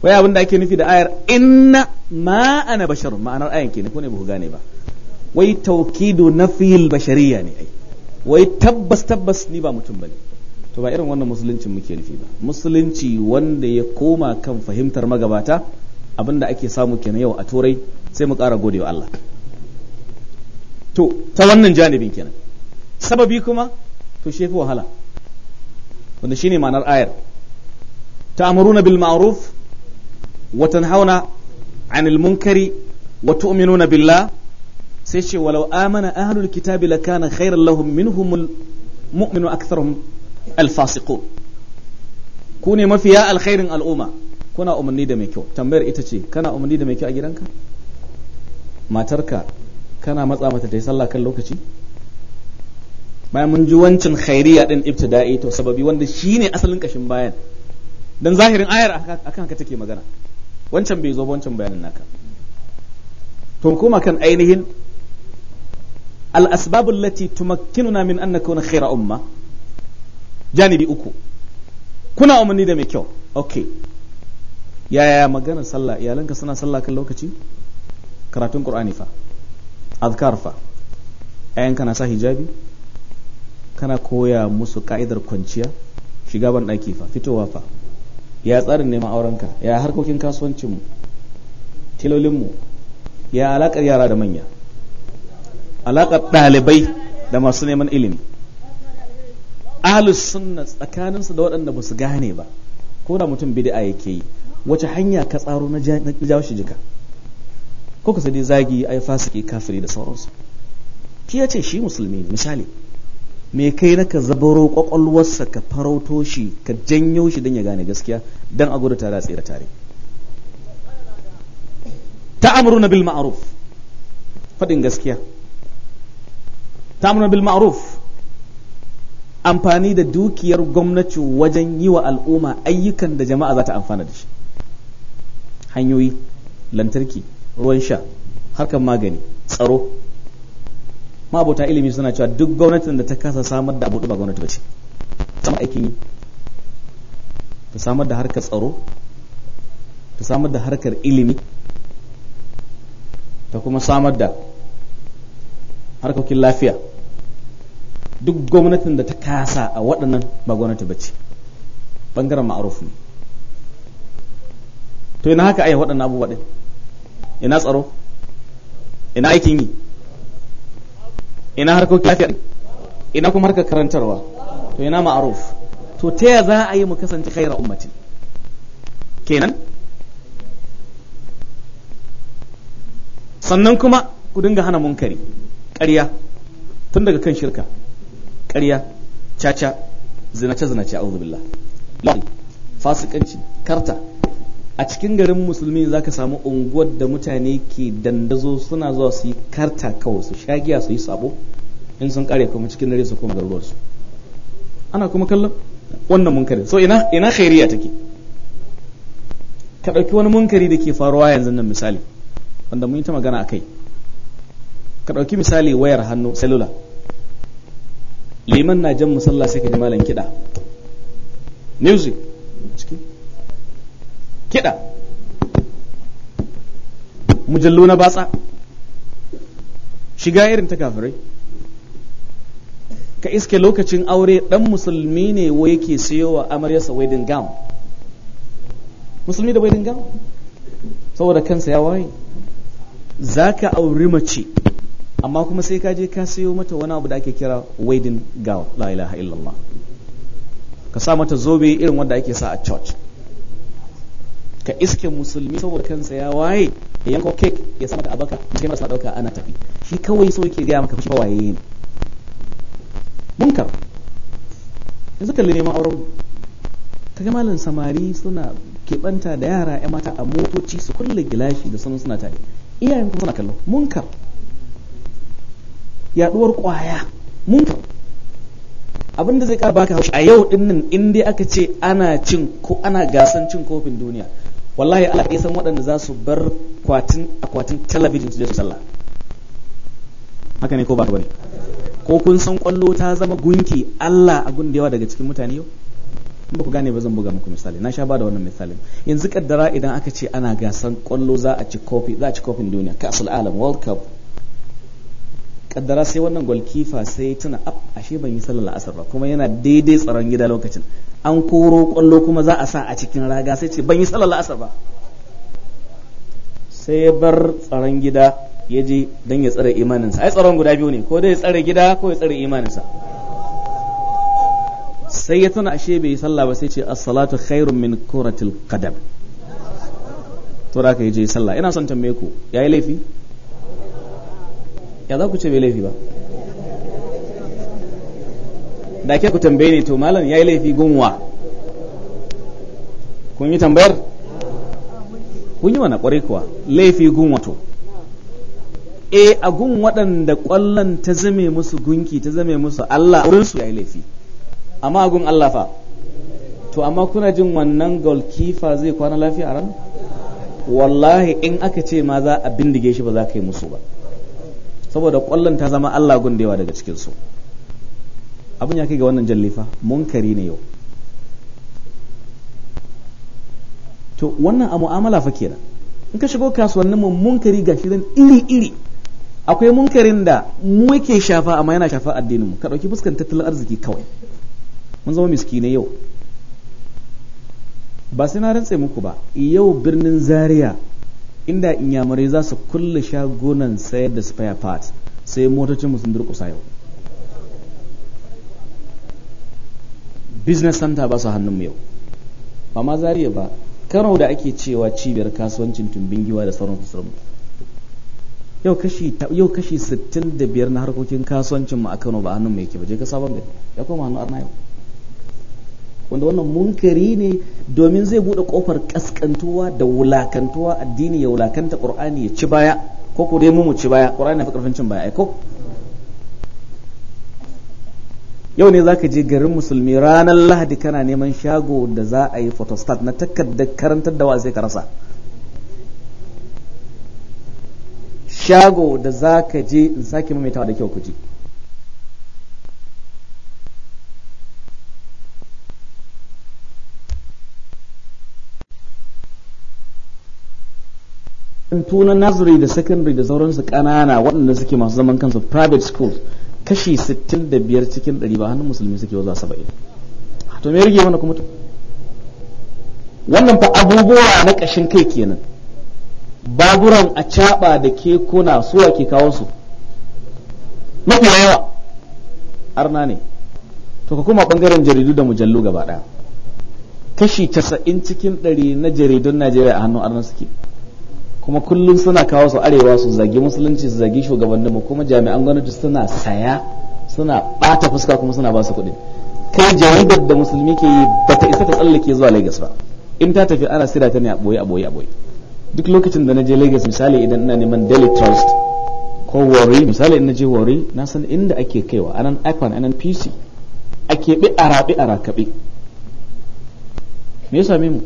wai abin da ake nufi da ayar inna ma ana bashar ma'anar ayan kenan ko ne ba ku gane ba wai taukidu nafil bashariya ne ai wai tabbas tabbas ni ba mutum bane to ba irin wannan musuluncin muke nufi ba musulunci wanda ya koma kan fahimtar magabata abinda ake samu kenan yau a turai sai mu ƙara godewa Allah to ta wannan janibin kenan sababi kuma to shi wahala wanda shine ma'anar ayar ta'muruna bil ma'ruf watanhauna anil munkari wa na billa sai ce walau amana ahlul kitabi lakana khairan lahum minhum mu'minu ku ne mafiya alkhairin al'umma kuna umarni da kyau tambayar ita ce kana umarni da kyau a gidanka matarka kana matsa mata ta yi sallah kan lokaci bayan mun ji wancin khairiya din ibtida'i to sababi wanda shine asalin kashin bayan dan zahirin ayar akan haka take magana wancan bai zo wancan bayanin naka to kuma kan ainihin al-asbab allati nuna min an nakuna khaira umma janibi uku kuna umarni da mai kyau okay yaya maganar sallah iyalanka suna sallah kan lokaci karatun qur'ani fa azkar fa ayan kana sa hijabi kana koya musu ka'idar kwanciya shiga ban fa fitowa fa ya tsarin neman aurenka ya harkokin kasuwancinmu tilolinmu ya alaƙar yara da manya alaƙar ɗalibai da masu neman ilimi ahlus sunna tsakaninsu da waɗanda ba su gane ba ko da mutum bid'a yake yi wace hanya ka tsaro na jawo shi jika ko ka sadi zagi ai fasiki kafiri da sauransu ki ya ce shi musulmi misali me kai na ka zabaro kwakwalwarsa ka farauto shi ka janyo shi don ya gane gaskiya don a gudu tare a tsira tare Ta ta'amuruna bil ma'aruf. faɗin gaskiya Ta ta'amuruna bil ma'aruf. amfani da dukiyar gwamnati wajen yi wa al'umma ayyukan da jama'a za ta amfana da shi hanyoyi lantarki ruwan sha harkar magani tsaro abota ilimi suna cewa duk gwamnatin da ta kasa samar da abu ba gwamnati ba ce samar aikin yi ta samar da harkar tsaro ta samar da harkar ilimi ta kuma samar da harkokin lafiya duk gwamnatin da ta kasa a waɗannan ba gwamnati ba ce ɓangaren ma'aruf ne to ina haka ai waɗannan abubuwa ɗin ina tsaro ina aikin yi ina harkokin lafiya ina kuma harkar karantarwa to ina ma'aruf to ta ya za a yi mu kasance khaira ummatin kenan sannan kuma ku dinga hana munkari ƙarya tun daga kan shirka ƙarya caca zinace zinace a'udhu billah fasikanci karta a cikin garin musulmi za ka samu unguwar da mutane ke dandazo suna zuwa su yi karta kawai su shagiya su yi sabo in sun kare kuma cikin dare su kuma su ana kuma kallon wannan munkari so ina ina khairiya take ka ɗauki wani munkari da ke faruwa yanzu nan misali wanda mun yi ta magana akai ka ɗauki misali wayar hannu cellular liman na jan musalla sai ka ji malam kiɗa music kiɗa mujallu na batsa shiga irin ta kafirai ka iske lokacin aure ɗan musulmi ne wa yake sa amaryarsa wedding gown musulmi da wedding gown saboda kansa ya waye za ka auri mace amma kuma sai ka je ka siyo mata wani abu da ake kira wedding gown la ilaha illallah ka sa mata zobe irin wanda ake sa a church ka iske musulmi saboda kansa ya waye ya yanko kek ya samata ta abaka sai masu ɗauka ana tafi shi kawai so yake gaya maka shi waye ne munkar yanzu kalli neman auren ga malam samari suna keɓanta da yara ya mata a motoci su kulle gilashi da sunan suna tare iyayen kuma suna kallo munkar yaduwar kwaya munkar abinda zai kara baka haushi a yau din nan in dai aka ce ana cin ko ana gasan cin kofin duniya wallahi Allah ya san waɗanda za su bar kwatin akwatin talabijin su je su sallah haka ne ko ba ka bari? ko kun san kwallo ta zama gunki Allah a gun da yawa daga cikin mutane yau ba ku gane ba zan buga muku misali na sha ba da wannan misalin yanzu kaddara idan aka ce ana gasan kwallo za a ci kofi za a ci kofin duniya kasul alam world cup kaddara sai wannan golkifa sai tuna ap ashe ban yi sallar asar ba kuma yana daidai tsaron gida lokacin an koro kwallo kuma za a sa a cikin raga sai ce ban yi sallar la'asar ba sai ya bar tsaron gida ya je don ya tsare imaninsa ai tsaron guda biyu ne ko dai ya tsare gida ko ya tsare imaninsa sai ya tuna ashe bai yi sallah ba sai ce as-salatu khairun min kuratil qadam to da ka yi je sallah ina son tambaye ku yayi laifi ya za ku ce bai laifi ba da ke ku tambaye ne to malam ya yi laifi gunwa kun yi tambayar kun yi mana kwarai kuwa laifi gunwa to e a gun waɗanda ƙwallon ta zame musu gunki ta zame musu Allah a wurinsu ya yi laifi amma a gun Allah fa to amma kuna jin wannan goalkeeper zai kwana lafiya a ran wallahi in aka ce ma za a bindige shi ba za ka yi musu ba saboda ƙwallon ta zama Allah gundewa daga cikinsu abin ya kai ga wannan jallifa munkari ne yau to wannan a mu'amala fa kenan in ka shigo kasuwannin mu munkari gashi dan iri iri akwai munkarin da mu yake shafa amma yana shafa addinin mu ka dauki fuskar tattalin arziki kawai mun zama miskine yau ba sai na rantse muku ba yau birnin zaria inda inyamurai za su kulle shagunan sayar da spare parts sai motocin mu sun durƙusa yau business center ba su hannunmu yau ba ma zariya ba kano da ake cewa cibiyar kasuwancin tumbin giwa da sauran sauran yau kashi yau kashi 65 na harkokin kasuwancin mu a Kano ba hannun mu yake ba je ka sabon gari ya koma hannun arna yau wanda wannan munkari ne domin zai bude kofar kaskantuwa da wulakantuwa addini ya wulakanta qur'ani ya ci baya ko ko dai mu mu ci baya qur'ani na fi karfin cin baya ai ko yau ne zaka je garin musulmi ranar lahadi kana neman shago da za a yi photostat na takardar karantar da sai ka rasa shago da za ka je in sake maimaitawa da kyau kuji tuna nazari da secondary da sauransu ƙanana waɗanda suke masu zaman kansu private schools kashi 65 cikin 100 ba hannun musulmi suke zuwa 70 to me rage mana kuma to wannan fa abubuwa na kashin kai kenan baburan a caba da kekuna suwa ke kawo su mafi yawa arna ne to ka kuma bangaren jaridu da mujallu gaba daya kashi 90 cikin 100 na jaridun Najeriya a hannun arna suke kuma kullum suna kawo su arewa su zagi musulunci su zagi shugabannin mu kuma jami'an gwamnati suna saya suna bata fuska kuma suna ba su kuɗi kai jaridar da musulmi ke yi ta isa ta tsallake zuwa Lagos ba in ta tafi ana sira ta ne a boye a boye a boye duk lokacin da na je Lagos misali idan ina neman Daily Trust ko Wari misali in na je Wari na san inda ake kaiwa anan iphone anan PC ake bi arabi arakabe me ya same mu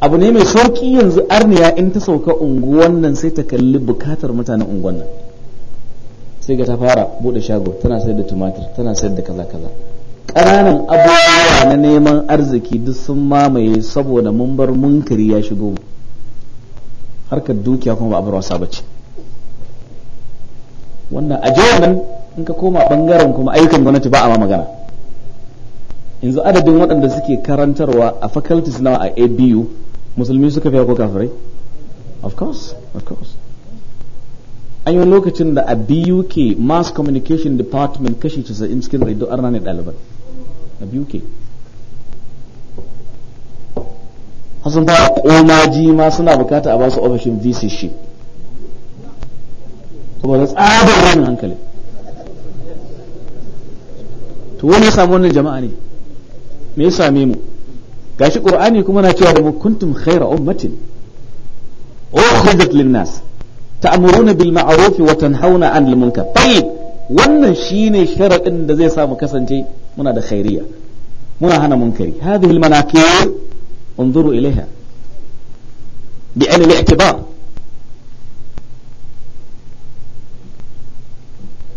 abu ne mai sauki yanzu arniya in ta sauka unguwan nan sai ta kalli bukatar mutanen unguwan nan sai ga ta fara bude shago tana sayar da tumatir tana sayar da kaza kaza ƙananan abubuwa na neman arziki duk sun mamaye saboda mun bar munkari ya shigo harkar dukiya kuma ba abar wasa ce wannan a nan in ka koma bangaren kuma ayyukan gwamnati ba a ma magana yanzu adadin waɗanda suke karantarwa a faculties nawa a abu musulmi suka fiya ko kafirai of course of course an yi lokacin da a BUK mass communication department kashi 90 cikin rai duk arna ne ɗaliban a BUK hasan ta komaji ma suna bukata a ba su ofishin vc shi saboda tsabar wani hankali to wani samu wannan jama'a ne me ya same mu gashi qur'ani kuma na cewa da mu kuntum khayra ummatin ukhrijat lin-nas ta'muruna bil ma'ruf wa tanhauna 'anil munkar tayyib wannan shine sharadin da zai samu kasance muna da khairiya muna hana munkari hadhihi al-manakir انظروا إليها بعين الاعتبار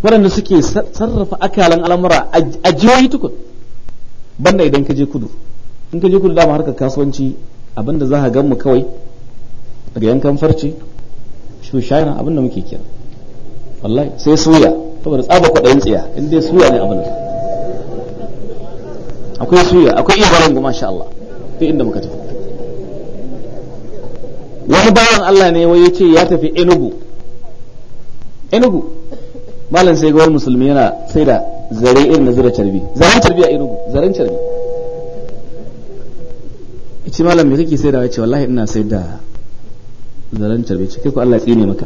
waɗanda suke sarrafa akalan al'amura a jihohi tukun banda idan ka je kudu in ka je ku dama harkar kasuwanci abinda za a gan mu kawai daga yankan farce shushaina abinda muke kira wallahi sai suya saboda tsaba kwaɗayin tsiya in dai suya ne abin akwai suya akwai iya barangu masha Allah duk inda muka tafi wani bawan Allah ne wai ce ya tafi Enugu Enugu malam sai ga wani musulmi yana sai da zare irin na zira carbi zaren carbi a Enugu zaren carbi ce malam me kake sai da ce wallahi ina sai da zaren tarbe ce kai ko Allah tsine maka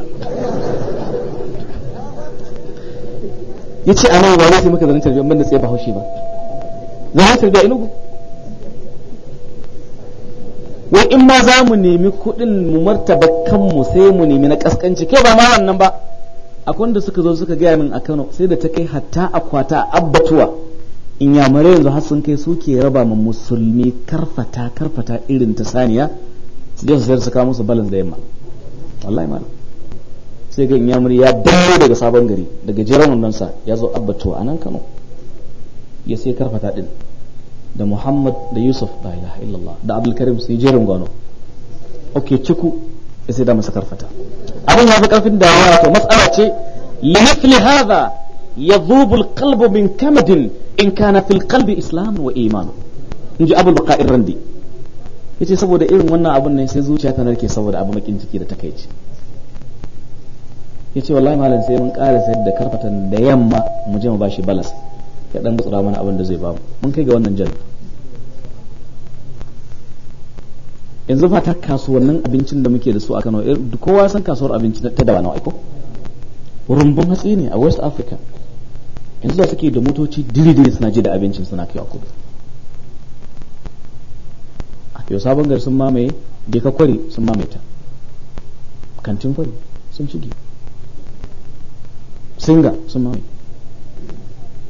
ya ce a nawa ba zai maka zaren tarbe ban da tsaye ba haushi ba zaren tarbe a inugu wai in ma za mu nemi kuɗin mu martaba kanmu sai mu nemi na kaskanci kai ba ma wannan ba akwai wanda suka zo suka gaya min a Kano sai da ta kai hatta akwata abbatuwa inyamurai yanzu har sun kai suke raba ma musulmi karfata karfata irin ta saniya su je su sayar su kawo musu balance da yamma wallahi ma sai ga inyamuri ya dawo daga sabon gari daga jiran wannan sa ya zo abbatuwa a nan Kano ya sai karfata din da Muhammad da Yusuf la ilaha illallah da Abdul Karim su yi gano gwano ok ciku ya sai da masa karfata abin ya fi karfin dawowa to matsala ce mithli hadha يذوب القلب من كمد إن كان في القلب إسلام وإيمان نجي أبو البقاء الرندي yace saboda irin wannan abun ne sai zuciya ta narke saboda abu makin ciki da takaici yace wallahi malam sai mun ƙara sayar da karfatan da yamma mu je mu bashi balas ya dan gutsura mana abin da zai ba mu mun kai ga wannan jan yanzu fa ta kasuwannin abincin da muke da su a Kano kowa san kasuwar abinci ta da wani aiko rumbun hatsi ne a West Africa yanzu da suke da motoci diri-diri suna je da abincin suna kai kudu yau sabon gari sun mamaye da ka kware sun mamaye ta kantin kware sun shige singa sun mamaye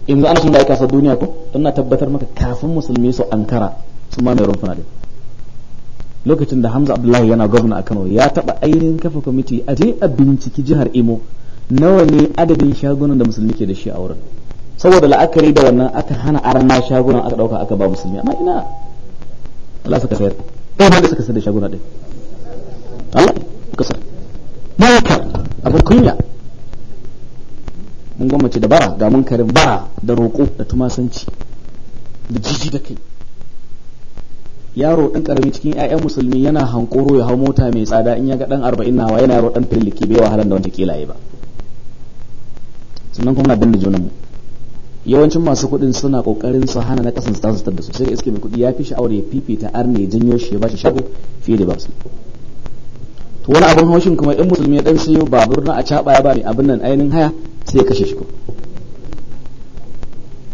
in ana sun da aka duniya ko don na tabbatar maka kafin musulmi su ankara sun mamaye rumfuna da. lokacin da hamza abdullahi yana gwamna a kano ya taba ainihin kafa kwamiti a je a binciki jihar imo nawa ne adadin shagunan da musulmi ke da shi a wurin saboda la'akari da wannan aka hana aran ma shagunan aka dauka aka ba musulmi amma ina Allah suka sayar ɗaya ma da suka sayar da shaguna din Allah suka sayar mawaka abu kunya mun gwamnati da bara ga munkarin bara da roƙo da tumasanci da jiji da kai yaro ɗan ƙarami cikin 'ya'yan musulmi yana hankoro ya hau mota mai tsada in ya ga ɗan arba'in nawa yana yaro ɗan filin bai wahalar da wanda ke laye ba sannan kuma na danna junanmu mu yawancin masu kuɗin suna ƙoƙarin su hana na ƙasan su tasu da su sai iske mai kuɗi ya fi sha'awar ya fifita ar ya janyo shi ya bashi shago fiye da basu to wani abin haushin kuma in musulmi ya dan sayo babur na a caɓa ya ba abin nan ainihin haya sai ya kashe shi ko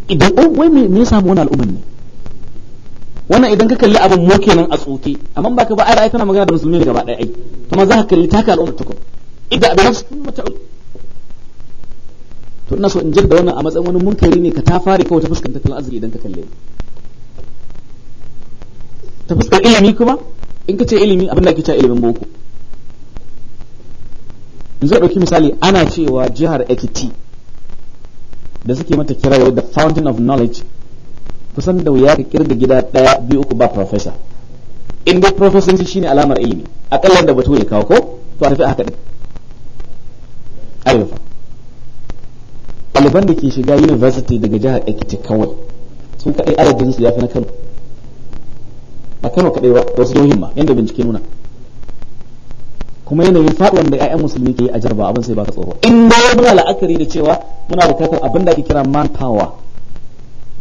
idan oh wai me ya samu wani al'umman ne wannan idan ka kalli abin mu kenan a tsoke amma ka ba ai kana magana da musulmi gaba ɗaya ai to ma za ka kalli taka al'ummar ta ko idan abin nafsu mata'ul to ina so in jaddada wannan a matsayin wani munkari ne ka ta fare kawai ta fuskar tattalin arziki idan ka kalle ta fuskar ilimi kuma in ka ce ilimi abin da cewa ilimin boko in zai ɗauki misali ana cewa jihar ekiti da suke mata kira da fountain of knowledge kusan da wuya ka kirga gida daya biyu uku ba professor in dai shi shine alamar ilimi akalla da batu ya kawo ko to a tafi a haka din arewa ɗaliban da ke shiga university daga jihar ekiti kawai sun kaɗai adadin su ya fi na kano a kano kaɗai ba wasu jihohin ma yadda bincike nuna kuma yanayin faɗuwan da 'ya'yan musulmi ke yi a jarba abin sai baka tsoro in da muna la'akari da cewa muna bukatar abin da ake kira power.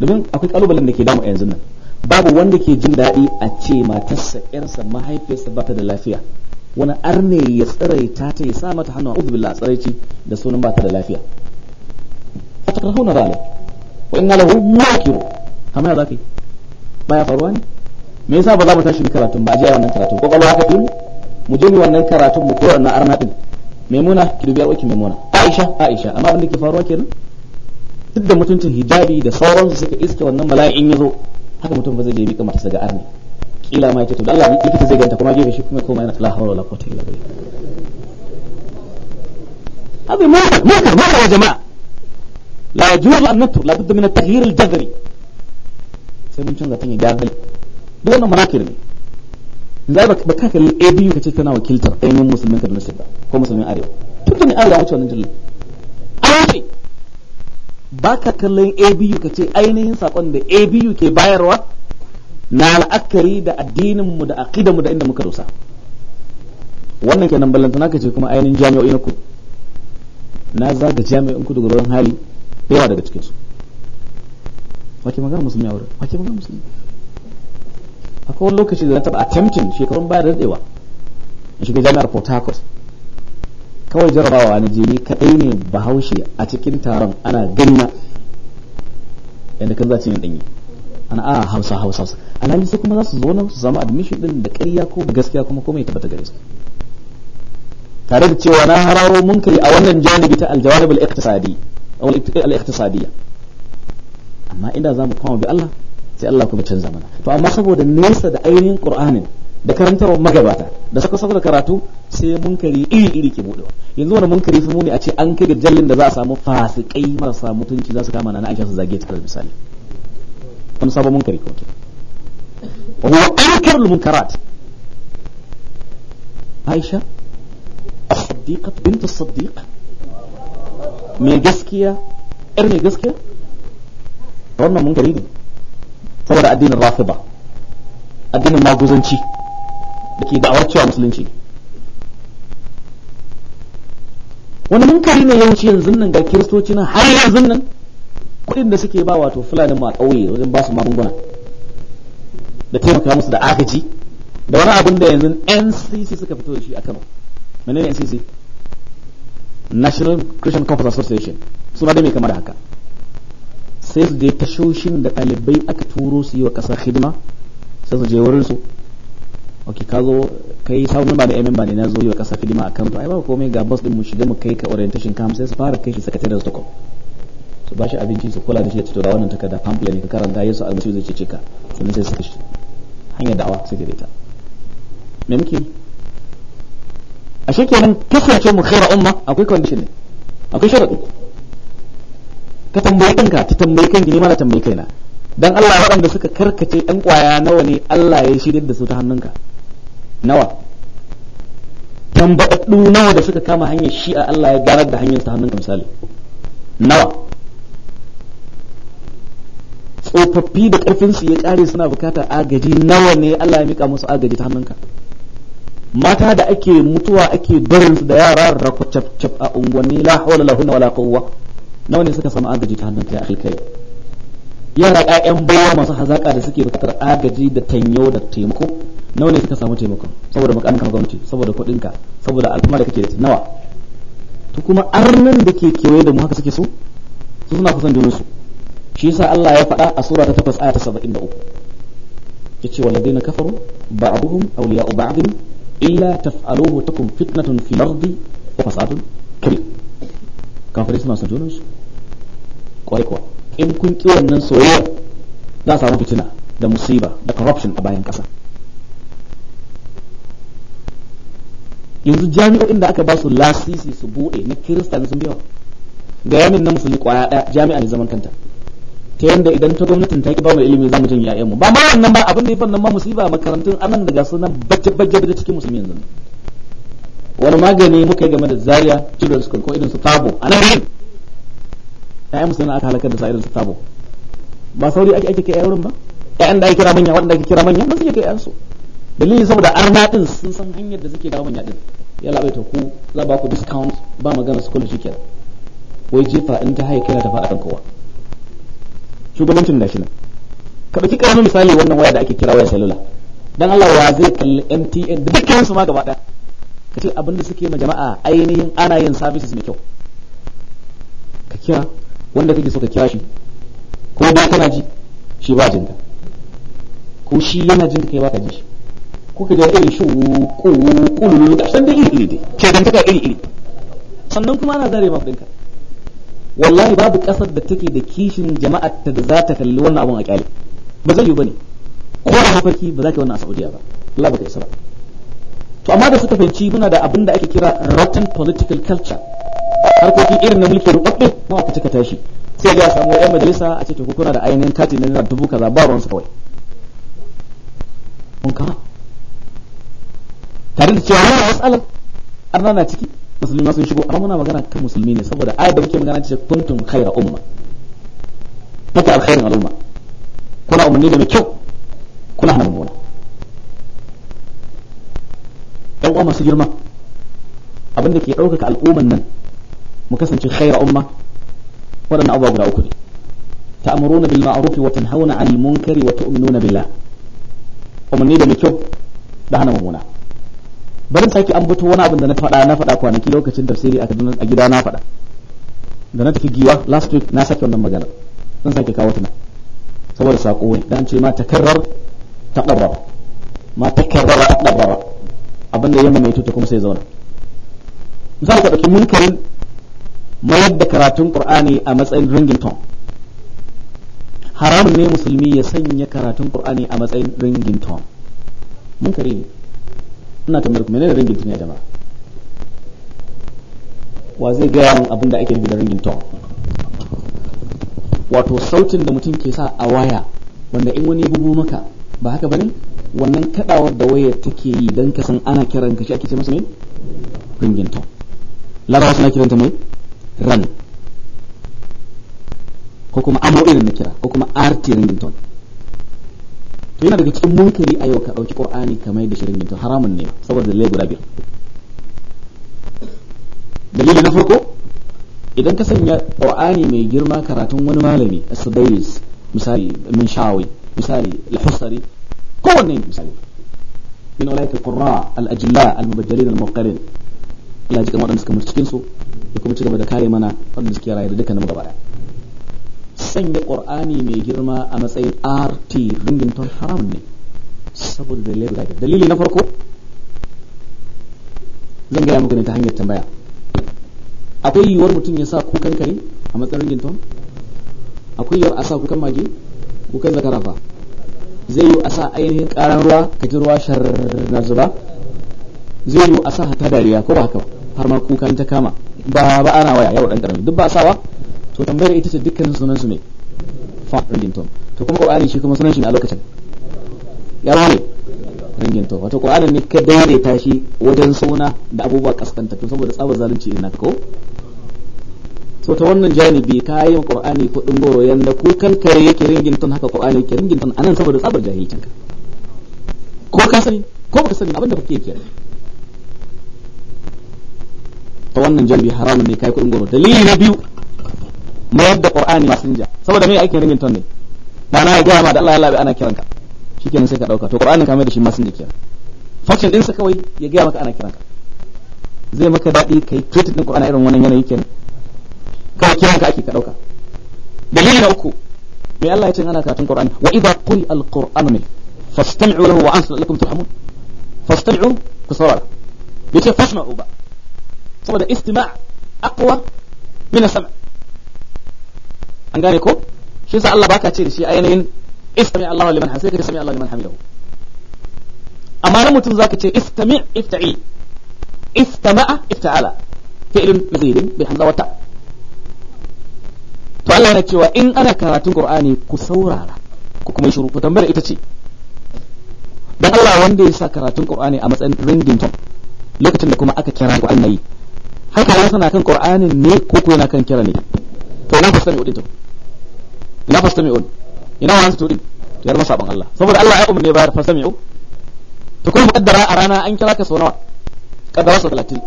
domin akwai kalubalen da ke damu yanzu nan babu wanda ke jin daɗi a ce matarsa 'yarsa, mahaifiyarsa ba ta da lafiya wani arne ya tsiraita ta ya sa mata hannu a ubi a tsiraici da sunan ba ta da lafiya يكرهون ذلك وإن له ماكر كما ذاك ما يفعلون me yasa ba za mu tashi mu karatun ba a jiya wannan karatun ko kallon haka tun mu je mu wannan karatun mu koyar na arna din maimuna ki dubi yarwakin maimuna aisha aisha amma abin da ke faruwa kenan duk da mutuncin hijabi da su suka iske wannan mala'in ya zo haka mutum ba zai je mika mata ga arni kila ma yace to Allah likita zai ganta kuma gefe shi kuma koma yana la hawla wala quwwata illa billah abi mu mu mu jama'a لا يجوز أن نترك لابد من التغيير الجذري سيمنشن ذاتين جاهل دون مناكر لي لا ba ka kalli abu ka ce kana wakiltar ainihin musulmin kaduna state ba ko musulmin arewa tun da arewa wuce wannan kallon abu ka ce ainihin sakon da abu ke bayarwa na la'akari da addininmu da aqidanmu da inda muka dosa wannan kenan ballantana ka ce kuma ainihin jami'o'i na ku na zaga jami'o'in ku daga wurin hali yawa daga cikinsu wake magana musulmi a wurin wake magana musulmi a wani lokaci da na taɓa attempting shekarun baya da daɗewa in shiga jami'ar port harcourt kawai jarabawa na jini kaɗai ne bahaushe a cikin taron ana ganina yadda kan za ci yin ɗanyi ana a ah, hausa hausa hausa alhali sai kuma za su zo su zama admission ɗin da ƙarya ko gaskiya kuma komai tabbata gare su tare da cewa na hararo munkari a wannan janibi ta aljawanibul iqtisadi aw al-iqtisadiyya amma inda zamu koma bi Allah sai Allah kuma canza mana to amma saboda nesa da ainihin Qur'anin da karantarwar magabata da saka saka karatu sai munkari iri iri ke budewa yanzu wani munkari fi muni a ce an kai jallin da za a samu fasikai marasa mutunci za su kama na Aisha su zage ta misali wani sabon munkari ko ke wa huwa ankarul munkarat Aisha الصديقة بنت الصديق mai gaskiya yar mai gaskiya wannan mun gari ne saboda addinin ba addinin maguzanci da ke da'awar cewa musulunci wani munkari ne yawanci yanzu nan ga kiristoci nan har yanzu nan kuɗin da suke ba wato fulani ma ƙauye wajen ba su magunguna da taimaka musu da agaji da wani abin da yanzu ncc suka fito da shi a kano menene ncc national christian conference association suna dai mai kama da haka sai su je tashoshin da ɗalibai aka turo su yi wa ƙasar hidima sai su je wurin su ok ka zo ka yi sabon memba da ba ne na zo yi wa ƙasar hidima a kan to ai ba komai ga bus din mu shiga mu kai ka orientation camp sai su fara kai shi sakataren stockholm su ba shi abinci su kula da shi da tutura wannan takarda pamphlet ne ka karanta yesu almasu zai ce cika sannan sai su kashi hanyar da'awa sai ta me muke ashe kenan kasance mu khaira umma akwai condition ne akwai sharadi ka tambayi kanka ta tambayi kanki ne na tambayi kaina dan Allah waɗanda suka karkace ɗan ƙwaya nawa ne Allah ya shirya da su ta hannunka nawa tambaɗaɗɗu nawa da suka kama hanyar a Allah ya ganar da hanyar ta hannunka misali nawa tsofaffi da ƙarfinsu ya ƙare suna bukata agaji nawa ne Allah ya mika musu agaji ta hannunka mata da ake mutuwa ake barin su da yara rako cap cap a unguwanni la hawla lahunna wala quwwa nawa ne suka samu agaji ta hannun ta akhi kai yara ƴaƴan bawa masu hazaka da suke bukatar agaji da tanyo da taimako nawa ne suka samu taimako saboda makamin ka gwamnati saboda kuɗin ka saboda al'umma da kake da nawa to kuma arnin da ke kewaye da mu haka suke so su suna kusan junan su shi yasa Allah ya faɗa a sura ta 8 aya 73 yace walladina kafaru ba'duhum awliya'u ba'dihim illa taf'aluhu takum fitnatun fil ardi wa fasadun kabir kafirai suna son junansu kwarai kuwa in kun wannan soyayya za a samu fitina da musiba da corruption a bayan ƙasa. yanzu jami'o'in da aka ba su lasisi su bude na kirista sun biya ga yamin na musulmi kwaya daya jami'a ne zaman kanta ta yadda idan ta gwamnatin ta ki ba mu ilimi za mu jin yayan mu ba ma wannan ba abin da ya fannin ma musiba makarantun anan daga sunan bacce bacce da cikin musulmi yanzu wani magani muka yi game da Zaria children School ko irin su Tabo a nan ƴaƴan musulmi aka halakar da sa irin su Tabo ba sauri ake ake kai yawon ba ya'yan da ake kira manya waɗanda ake kira manya ba suke kai 'yansu. dalilin saboda arna din sun san hanyar da suke kawo manya din ya labaita ku za ba ku discount ba magana su kenan wai jefa in ta haika ta faɗa kowa shugabancin gashi nan ka ɗauki ƙaramin misali wannan waya da ake kira waya salula dan Allah wa zai kalli MTN da dukkan su ma gaba ɗaya ka ce abin da suke ma jama'a ainihin ana yin services mai kyau ka kira wanda kake so ka kira shi ko ba kana ji shi ba jinka ko shi yana jinka kai ba ka ji shi ko ka ga irin shi ko ku da san da iri iri dai ke dan taka iri iri sannan kuma ana zare ma ɗinka wallahi babu kasar da take da kishin jama'ar ta da za ta kalli wannan abun a kyale ba zai yi bane ko a mafarki ba za ka wannan a Saudiya ba Allah ba ka isa ba to amma da suka fahimci muna da abin da ake kira rotten political culture harkokin irin na mulki rubabbe ba ka cika tashi sai ga samu ƴan majalisa a ce to kuna da ainihin kati na naira dubu kaza ba ruwan su kawai mun kama tare da cewa wannan matsalar arna na ciki musulmi ma sun shigo amma muna magana kan musulmi ne saboda ayat da muke magana ce kuntum khayra umma mata alkhairin al'umma kuna umarni da mai kyau kuna hana mummuna ɗan uwa masu girma abinda ke ɗaukaka al'umman nan mu kasance khayra umma waɗannan abubuwa guda uku ne ta'muruna bil ma'ruf wa tanhauna 'anil munkari wa tu'minuna billah umarni da mai kyau da hana mummuna bari sake ambato wani abin da na faɗa na faɗa kwanaki lokacin tafsiri a a gida na faɗa da na tafi giwa last week na sake wannan magana zan sake kawo tunan saboda sako ne dan ce ma takarrar taqarrara ma ta taqarrara abin da ya mamaye ta kuma sai zauna zan ka dauki munkarin mayar da karatun Qur'ani a matsayin ringington haramun ne musulmi ya sanya karatun Qur'ani a matsayin ringington munkari ne ina ta kuma menene ringin tuniya jama'a wa zai gaya min abin da ake nufi da ringin tun wato sautin da mutum ke sa a waya wanda in wani bugu maka ba haka bane wannan kadawar da wayar take yi dan ka san ana kiran ka shi ake ce masa ne ringin tun larabawa suna kiranta mai ran ko kuma amo irin na kira ko kuma arti ringin tun yana daga cikin munkari a yau ka ɗauki ƙur'ani kamar da shirin to haramun ne saboda dalilai guda biyar dalili na farko idan ka sanya ƙur'ani mai girma karatun wani malami as-sadais misali min shawi misali al-husari kowanne misali min ulaika al-qurra al-ajilla al-mubajjalin al-muqarrin ila jikan waɗanda suka mutu cikin su da kuma ci gaba da kare mana waɗanda suke raye da dukkanin gaba daya sanya qur'ani mai girma a matsayin rt ringington haramun ne saboda dalilai guda biyar dalili na farko zan gaya muku ne ta hanyar tambaya akwai yiwuwar mutum ya sa kukan kare a matsayin ringington akwai yiwuwar a sa kukan mage kukan zakara ba zai yiwu a sa ainihin karan ruwa ka ji ruwa shar na zuba zai yiwu a sa hata dariya ko ba haka har ma kukan ta kama ba ba ana waya yau dan karami duk ba sawa to tambayar ita ce dukkanin sunan su ne fa ringington to kuma qur'ani shi kuma sunan shi ne a lokacin ya ba ne wato qur'ani ne ka dare ta shi wajen suna da abubuwa to saboda tsabar zalunci ina ka ko so ta wannan janibi ka yi qur'ani kudin goro yanda kukan kare yake ringington haka qur'ani yake ringington anan saboda tsabar jahilcin ka ko ka sani ko baka sani abinda da kake kenan ta wannan janibi haramun ne kai kudin goro dalili na biyu mayar da qur'ani masinja saboda me aikin ringin ton ne ma'ana ya ma da Allah ya labe ana kiranka shikenan sai ka dauka to qur'anin ka mai da shi masinja kenan function din sa kawai ya gaya maka ana kiranka zai maka dadi kai treat din qur'ani irin wannan yanayi kenan kawai kiranka ake ka dauka dalili na uku me Allah ya ce ana karatun qur'ani wa idha quri al-qur'anu fastami'u lahu wa ansu lakum turhamun fastami'u ku saurara bai fasma'u ba saboda istima' aqwa min as an gane ko shi yasa Allah baka ce da shi a yanayin istami Allahu liman hamida sai ka sami Allahu liman hamidahu amma na mutum zaka ce istami ifta'i istama'a ifta'ala fi'lun mazidin bi hamza wata to Allah yana cewa in ana karatun Qur'ani ku saurara ku kuma shiru ku tambayar ita ce dan Allah wanda ya sa karatun Qur'ani a matsayin ringington lokacin da kuma aka kira ku annayi haka yana sana kan Qur'anin ne ko ko yana kan kira ne to na ku sani udin to la fastami'un ina wa antu to yar masaban Allah saboda Allah ya umarne bayar fastami'u to kuma kaddara a rana an kira ka sau nawa kaddara sau talatin.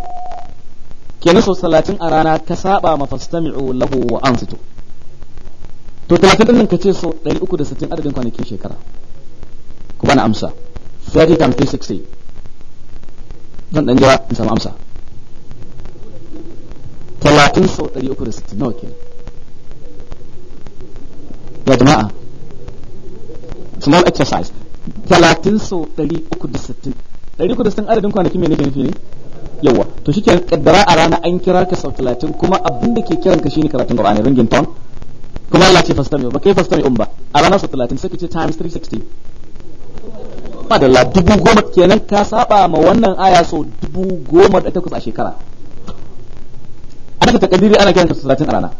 kenan sau talatin a rana ka saba ma fastami'u lahu wa antu to 30 din ka ce sau sittin adadin kwanakin shekara ku bani amsa 30 times 360 zan ɗan jira in samu amsa talatin sau ɗari uku da 360 nawa kenan ya jama'a small exercise talatin so ɗari uku da sittin ɗari uku da sittin adadin kwanaki mai nake nufi ne yawa to shi ke kaddara a rana an kira ka sau talatin kuma abin da ke kiran ka shine karatun ƙwararren ringin ton kuma Allah ce fasta mai ba kai fasta mai umba a rana sau talatin sai ka ce times 360 madalla dubu goma kenan ka saba ma wannan aya sau dubu goma da takwas a shekara ana daga takadiri ana kiran ka sau talatin a rana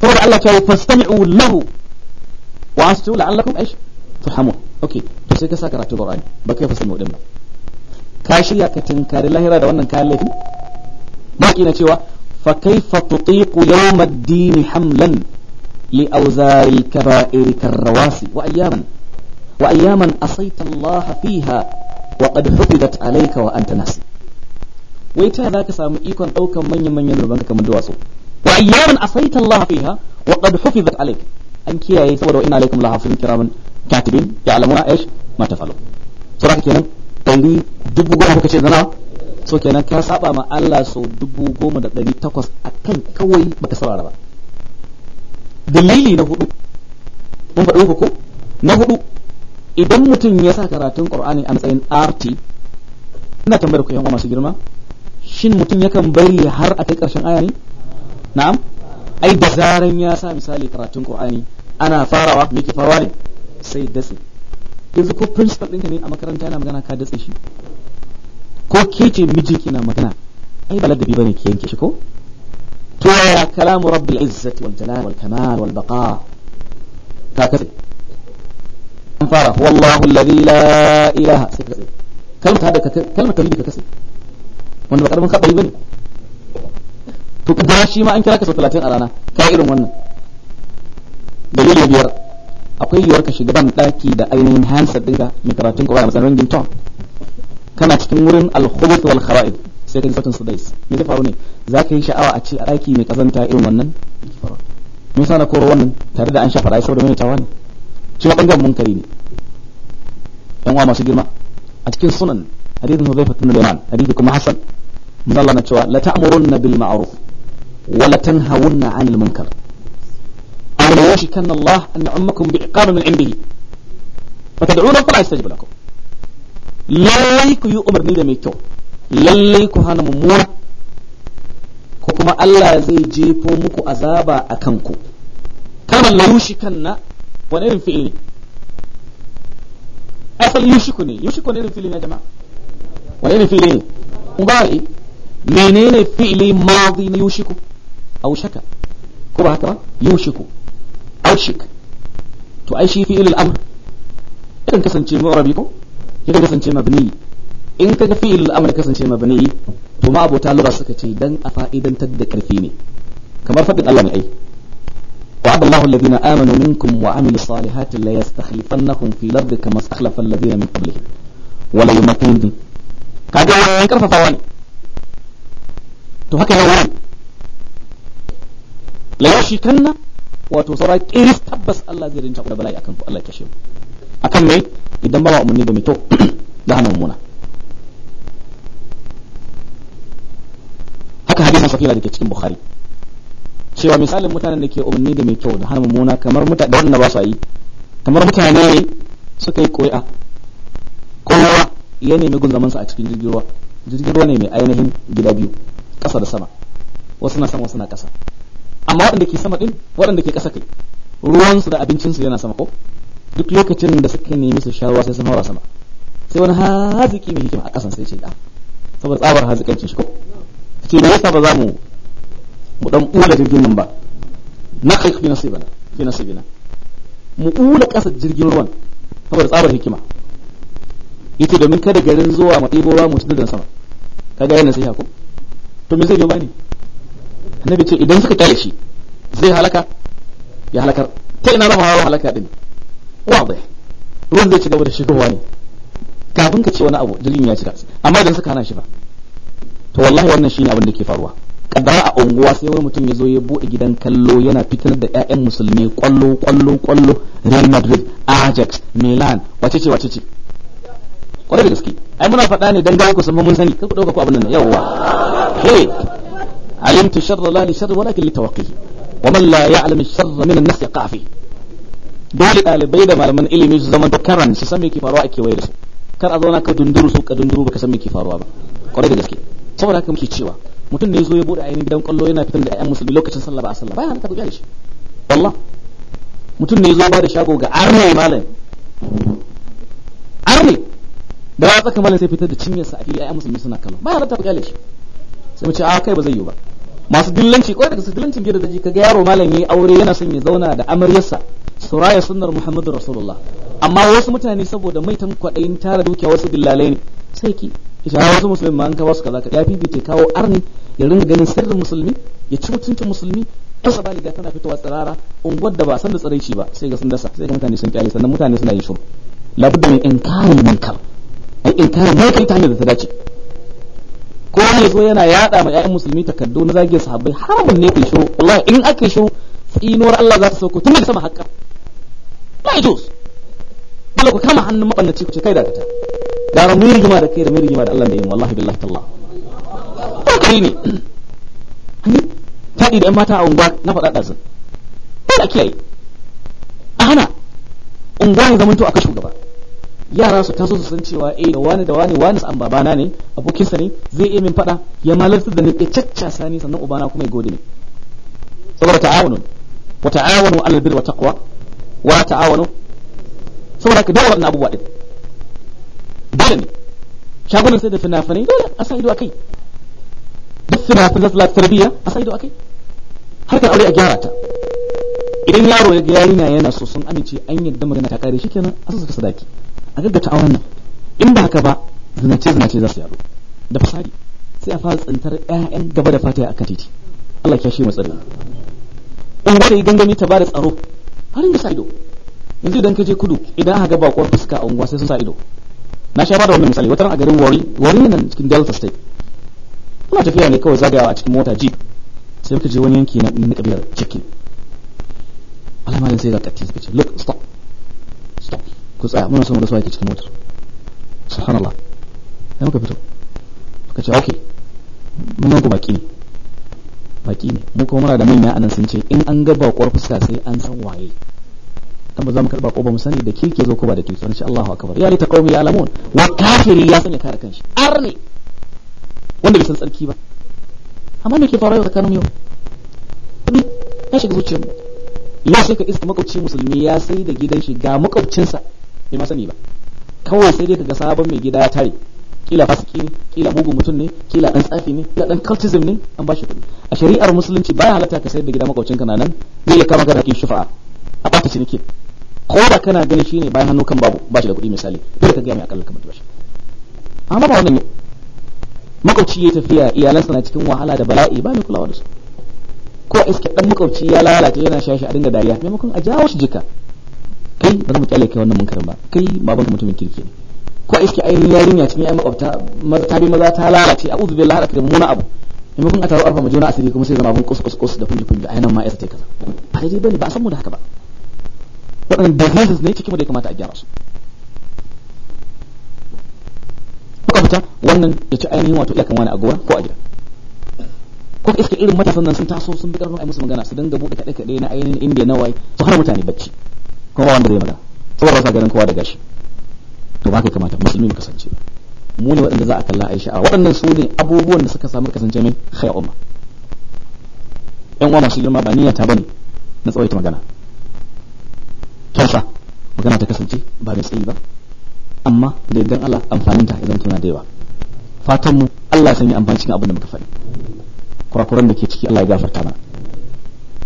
saboda Allah ce fastami'u lahu واستو لعلكم ايش ترحمون اوكي بس هيك سكرت القران بكيف فصل مقدمه كاشي يا كتنكار الله يرضى وانا كان لك باقي نتيوا فكيف تطيق يوم الدين حملا لأوزار الكبائر كالرواسي وأياما وأياما أصيت الله فيها وقد حفظت عليك وأنت ناسي ويتا ذاك سام إيكون أو كم من يمن يمن ربانك من دواسو وأياما أصيت الله فيها وقد حفظت عليك an kiyaye saboda wa inna alaikum kiraman katibin ya alamuna aish ma tafalu sura kenan dari dubu goma kuka ce zana so kenan ka saba ma Allah sau dubu goma da dari takwas akan kawai baka saurara ba dalili na hudu mun faɗi uku ko na hudu idan mutum ya sa karatun qur'ani a matsayin arti ina tambayar ku yan masu girma shin mutum yakan bari har a kai karshen aya ne na'am ai da zaran ya sa misali karatun Qur'ani ana farawa me ke faruwa ne sai datse yanzu ko principal ɗinka ne a makaranta yana magana ka datse shi ko ke ce miji kina magana ai ba ladabi bane ki yanke shi ko to ya kalamu rabbil izzati wal jalal wal kamal wal baqa ka kace an fara wallahu alladhi la ilaha sai kace kalmar da kalmar tauhidi ka kace wanda ba karamin kabari bane to kuma shi ma an kira ka sau 30 a rana kai irin wannan dalilin biyar akwai yiwuwar ka shiga ban daki da ainihin handset dinka mai karatun kwaya matsalar ringin tom kana cikin wurin alhubuth wal khara'ib sai ka ji sautin sudais me zai faru ne za ka yi sha'awa a ce a daki mai kazanta irin wannan mun na koro wannan tare da an shafa rai saboda mai tawa ne shi ma bangaren munkari ne yan uwa masu girma a cikin sunan hadithin Hudhayfa ibn Yaman hadithi kuma Hassan mun Allah na cewa la ta'murunna bil ma'ruf wa la tanhawunna 'anil munkar أو ليوشكن الله أن يعمكم بعقاب من عنده فتدعون فلا يستجب لكم lallai ku yi umarni da mai kyau hana mummuna ko kuma Allah zai jefo muku azaba a kanku kalmar la yushikan na irin fi'il ne asal yushiku ne yushiku ne irin fi'il ne jama'a wani irin fi'il ne mubari menene fi'ili madi na yushiku shaka ba haka ba yushiku outshik to ai shi fi'ilul amr yakan kasance mu'rabi ko yakan kasance mabni in kaga fi'ilul amr kasance mabni to ma abota lura suka ce dan a fa'idantar da karfi ne kamar fadin Allah ne ai وعد الله الذين آمنوا منكم وعملوا الصالحات لا يستخلفنهم في الأرض كما استخلف الذين من قبلهم ولا يمكن كاجا وين كرفا فوان تو هكا وين لا يشكن wato saura kiris tabbas Allah zai rinta da bala'i akan ku Allah kashe mu akan me idan ba umarni da mai to da hana muna haka hadisin safira da ke cikin bukhari cewa misalin mutanen da ke umarni da mai kyau da hana mummuna kamar mutane da wannan ba su yi kamar mutane ne suka yi koya kowa ya nemi gunzamansa a cikin jirgin ruwa jirgin ruwa ne mai ainihin gida biyu ƙasa da sama wasu na sama wasu na ƙasa amma waɗanda ke sama din waɗanda ke ƙasa kai ruwansu da abincinsu yana sama ko duk lokacin da suka nemi su shawa sai sun haura sama sai wani haziki mai hikima a ƙasan sai ce da ah, saboda tsabar hazikancin shi ko ce da yasa ba za mu mu dan ula jirgin nan ba na kai fi nasibana fi nasibina mu ula ƙasa jirgin ruwan saboda tsabar hikima yake domin kada garin zuwa mu ɗebo ruwa mu tuddan sama kaga yana sai ko to me zai biyo bani annabi ce idan suka kyale shi zai halaka ya halakar ta ina raba hawa halaka din wadai ruwan zai ci gaba da shigowa ne kafin ka ce wani abu jirgin ya cika amma idan suka hana shi ba to wallahi wannan shine abin da ke faruwa kaddara a unguwa sai wani mutum ya zo ya buɗe gidan kallo yana fitar da ƴaƴan musulmi kwallo kwallo kwallo Real Madrid Ajax Milan wace ce wace ce kwarai da gaske ai muna faɗa ne dan gawo ku san mun sani kar ku dauka ku abin nan yawa he. علمت الشر لا لشر ولكن لتوقيه ومن لا يعلم الشر من الناس يقع فيه dole ɗalibai da malaman ilimi su zama karan su san me ke faruwa a kewaye da kar a zauna ka dunduru su ka dunduru baka san me ke ba kwarai da gaske saboda haka muke mutum ne zo ya bude ainihin gidan kwallo yana fitar da ayan musulmi lokacin sallah ba a sallah ta guda da shi mutum ne zo ba shago ga arne malam arne da ba tsaka malam sai fitar da cinyarsa a fili ayan musulmi suna kallo bayan ta guda da shi sai mu ce a kai ba zai yi ba masu dillanci ko daga su dillancin gida da ji kaga yaro malami, aure yana son ya zauna da amaryarsa suraya sunnar muhammadu rasulullah amma wasu mutane saboda tan kwaɗayin tara dukiya wasu dillalai ne sai ki ishara wasu musulmi ma an kawo su kaza ya ta kawo arni ya ringa ganin sirrin musulmi ya ci mutuncin musulmi kasa baliga tana fitowa tsirara unguwar da ba san da tsiraici ba sai ga sun dasa sai ga mutane sun kyale sannan mutane suna yin shiru labudda inkarin munkar ai inkarin munkar ta hanyar da ta dace ko ne zo yana yada ma ƴaƴan musulmi takardu na zagin sahabbai haramun ne ku shiru wallahi in aka shiru tsinuwar Allah za ta sauko tun da sama hakka la yajuz dole ku kama hannun mabannaci ku ce kai da ta gara mun rigima da kai da mun rigima da Allah da yin wallahi billahi tallah kai ne faɗi da ƴan mata a unguwa na faɗa ɗazin dole a kiyaye a hana unguwa ya zamanto a kashe gaba yara su taso su san cewa eh da wani da wani wani an babana ne abokin sa ne zai iya min fada ya malarta da ni ya caccasa ni sannan ubana kuma ya gode ni saboda ta'awunu wa ta'awunu alal birri wa taqwa wa ta'awunu saboda ka dawo na abubuwa din dole ne shagunan sai da fina dole a san ido akai duk fina da za su tarbiyya a san ido akai harkar aure a gyara ta idan yaro ya ga yarinya yana so sun amince an yadda magana ta kare shi kenan a su ta sadaki a gaggata auren nan in ba haka ba zinace zinace za su yaro da fasadi sai a fara tsintar ƴaƴan gaba da fata akan titi Allah ya shi matsalar in ba yi gangami ta bada tsaro har inda sa ido yanzu idan ka je kudu idan aka ga bakwar fuska a unguwa sai sun sa ido na sha ba da wannan misali wata a garin wari wari nan cikin delta state ina tafiya ne kawai zagawa a cikin mota jeep sai muka je wani yanki na kabilar chicken alamalin sai ga katti suka ce look stop ku tsaya muna son mu ga cikin motar subhanallah sai muka fito suka ce okay mun nan ku baki ne baki ne mu kuma muna da manya anan sun ce in an ga bakwar fuska sai an san waye dan ba za mu karba ko ba mu sani da kike zo ko ba da kike sun Allahu akbar ya lita qaumi ya'lamun wa kafiri ya sanya kare kanshi arne wanda bai san tsarki ba amma me ke faruwa tsakanin yau ni ya shiga zuciyar mu yau sai ka iska makwabci musulmi ya sai da gidan shi ga makwabcinsa sai ma sani ba kawai sai dai kaga sabon mai gida ya tare kila fasiki ne kila mugun mutum ne kila dan tsafi ne kila dan cultism ne an bashi kuɗi a shari'ar musulunci baya halatta ka sayar da gida makwabcin ka nan zai ya kama ka da shufa'a a bata ciniki ko da kana gani ne bayan hannu kan babu bashi da kuɗi misali dole ka ga mai akalla kamar bashi amma ba wannan ne. makwabci ya tafiya iyalansa na cikin wahala da bala'i ba mai kulawa da su ko iske dan makwaci ya lalata yana shashi a dinga dariya maimakon a jawo shi jika kai eh, ba za mu kyale kai wannan munkarin ba kai baban ka mutumin kirki ne ko iske ainihin yarinya cikin ya makwabta ta bi maza ta lalace a uzu billahi hada da mummuna abu in mun a taro arfa mu jona asiri kuma sai zama abun kus kus kus da kunji kunji ainihin ma ya sace kaza ba daidai bane ba a san mu da haka ba waɗannan diseases ne cikin mu da ya kamata a gyara su kuka fita wannan ya ci ainihin wato iyakan wani a gora ko a gida ko iske irin matasan nan sun taso sun bi karfin ai musu magana su dinga bude kaɗe kaɗe na ainihin indiya na waye su hana mutane bacci kuma wanda zai magana saboda rasa ganin kowa da gashi to ba ka kamata musulmi mu kasance mu ne waɗanda za a kalla a waɗannan su ne abubuwan da suka samu kasance mai khaya umma yan uwa masu girma ba niyyata ta bane na tsawaita magana kyauta magana ta kasance ba mai tsayi ba amma da yardan Allah amfanin ta idan tana da yawa fatan mu Allah ya sanya amfani cikin abin da muka faɗi kurakuran da ke ciki Allah ya gafarta mana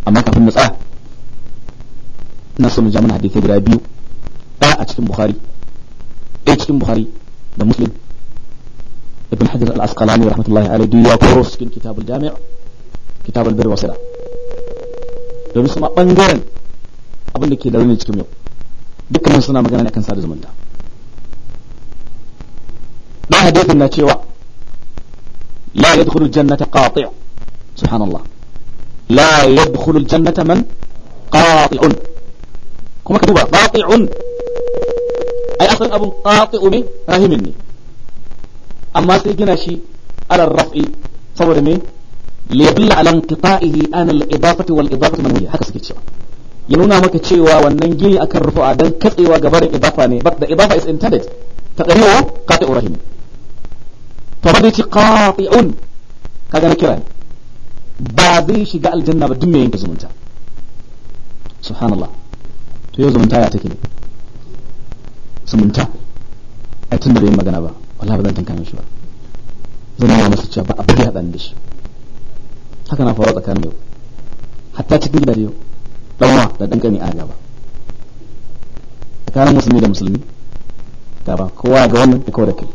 amma kafin mu tsaya ina so mu ja mana hadisai guda biyu ɗaya a cikin bukhari ɗaya cikin bukhari da muslim ibn hajar al-asqalani rahmatullahi alaihi duk ya koro cikin kitab al-jami' kitab al-birr wa sala domin su ma bangaren abin da ke da rauni cikin yau dukkanin suna magana ne akan sada zumunta da hadisin na cewa la yadkhulu al-jannata qati' subhanallah la yadkhulu al-jannata man qati'un kuma ka duba qati'un ai asalin abun qati'u ne rahimin ne amma sai gina shi ala raf'i saboda me li ala an al-idafati wal idafati haka suke cewa ya nuna maka cewa wannan gini akan rufu'a dan katsewa gaba da idafa ne but the idafa is intended qati'u to ba ce qati'un kaga na kira ba zai shiga aljanna ba duk mai yanke zumunta subhanallah to yau zumunta ya take ne zumunta a tun da bai magana ba wallahi ba zan tanka mishi ba zan yi masa cewa ba abin da ya haɗa da shi haka na faruwa tsakanin yau hatta cikin gidaje yau ɗanwa da ɗan ƙani a gaba tsakanin musulmi da musulmi gaba kowa ga wannan da kawai da kai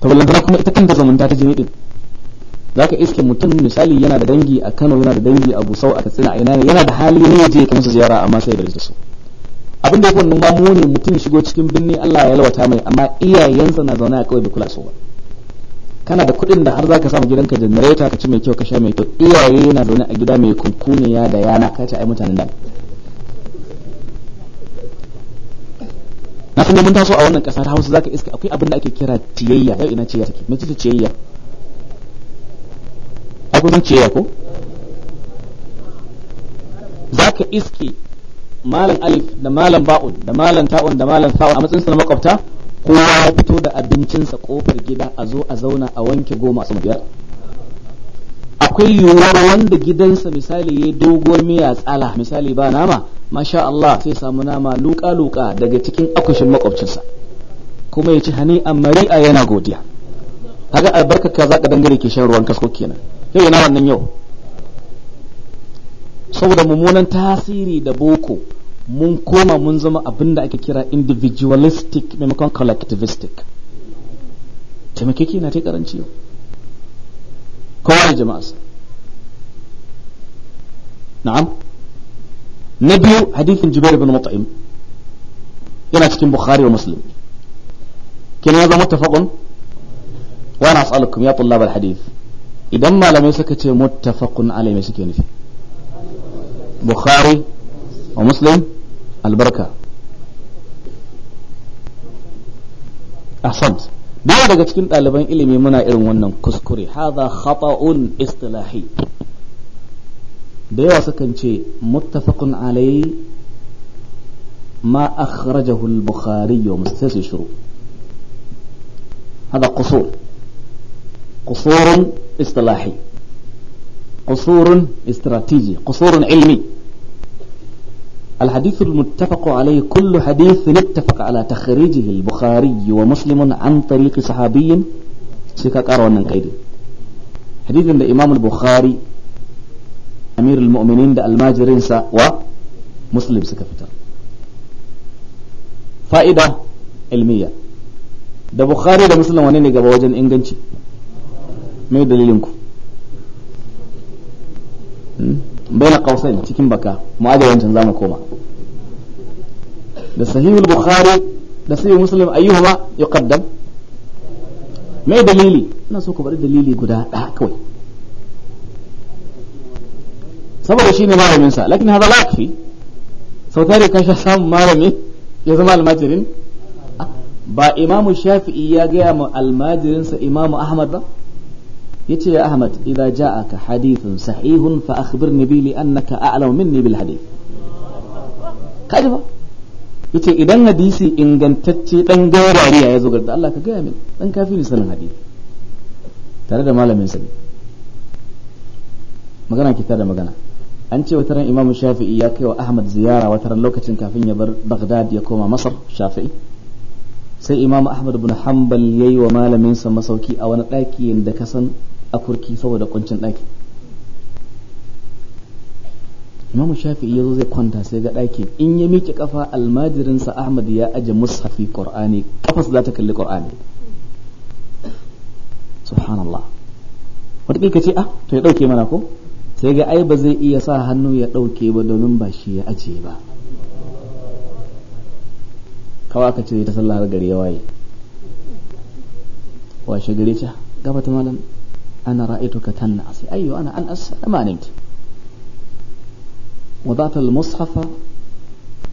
to ballantana kuma ita kanta zumunta ta jini ɗin zaka iske mutum misali yana da dangi a Kano yana da dangi a Gusau a Katsina a Inani yana da hali ne je ka musu ziyara amma sai da su abin da yake wannan ma mu ne mutum shigo cikin binni Allah ya lawata mai amma iyayensa na zaune a kawai da kula su ba kana da kuɗin da har zaka samu gidanka generator ka ci mai kyau ka sha mai kyau iyaye na zaune a gida mai ya da yana ka ci ai mutanen da na kuma mun taso a wannan ƙasa ta Hausa zaka iske akwai abin da ake kira tiyayya yau ina ce ya take mace ce tiyayya gudun ya ko za ka iske malam alif da malam ba'un da malam ta'un da malam sa'un a matsayinsa na makwabta kowa ya fito da abincinsa kofar gida a zo a zauna a wanke goma sama biyar akwai yiwuwar wanda gidansa misali ya doguwar miya tsala misali ba nama masha Allah sai samu nama luka-luka daga cikin akushin makwabcinsa kuma ya ci hani a mari'a yana godiya haka albarka ka za ka dangare ke shan ruwan kasko kenan yau yana wannan yau saboda mummunan tasiri da boko mun koma mun zama abin da ake kira individualistic maimakon collectivistic taimakeki na ta karanci yau kowa da jama'arsa na'am na biyu hadithin jubair bin mut'im yana cikin bukhari wa muslim kina ya zama tafaqun wa ana as'alukum ya tullab al-hadith idan malamai suka ce muttafaqun alai me suke nufi bukhari wa muslim albarka ahsant dawa daga cikin ɗaliban ilimi muna irin wannan kuskure hadha khata'un istilahi da yawa sukan ce muttafaqun alai ma akhrajahu al-bukhari wa muslim shiru hada قصور قصور اصطلاحي قصور استراتيجي قصور علمي الحديث المتفق عليه كل حديث اتفق على تخريجه البخاري ومسلم عن طريق صحابي سكاكار وننقيد حديث الإمام البخاري أمير المؤمنين دا الماجرين سا ومسلم سكفتر فائدة علمية da bukhari da muslim wane ne gaba wajen inganci Mai dalilin ku hmm? baina qausain cikin baka mu aje wancan mu koma da sahihul bukhari da sahih muslim ayyuhuma yuqaddam mai dalili ina so ku bari dalili guda ɗaya kawai saboda shine malamin sa lakin hada la kafi sau tare ka sha samun malami ya zama almajirin ba imamu shafi'i ya gaya ma almajirinsa imamu ahmad ba yace ya ahmad idza ja'aka hadithun sahihun fa akhbirni bi li annaka a'lamu minni bil hadith kaji ba yace idan hadisi ingantacce dan gaurariya ya zo ga Allah ka gaya min dan kafi ni sanin hadisi tare da malamin sa magana kita da magana an ce wata ran imamu shafi'i ya kai wa ahmad ziyara wata ran lokacin kafin ya bar baghdad ya koma masar shafi'i sai imamu ahmad bin hanbal ya yi wa malaminsa masauki a wani ɗaki da kasan a kurki saboda kuncin ɗaki imamu shafi'i ya zo zai kwanta sai ga ɗaki in ya miƙe kafa almajirinsa ahmad ya aje mushafi qur'ani kafas za ta kalli qur'ani subhanallah wata ka ce ah to ya ɗauke mana ko sai ga ai ba zai iya sa hannu ya ɗauke ba domin ba shi ya aje ba kawa aka ce ta sallar gari ya waye washe gari ta ah, gaba ta malam أنا رأيتك تنعس أيوة أنا أنا ما نمت وضعت المصحف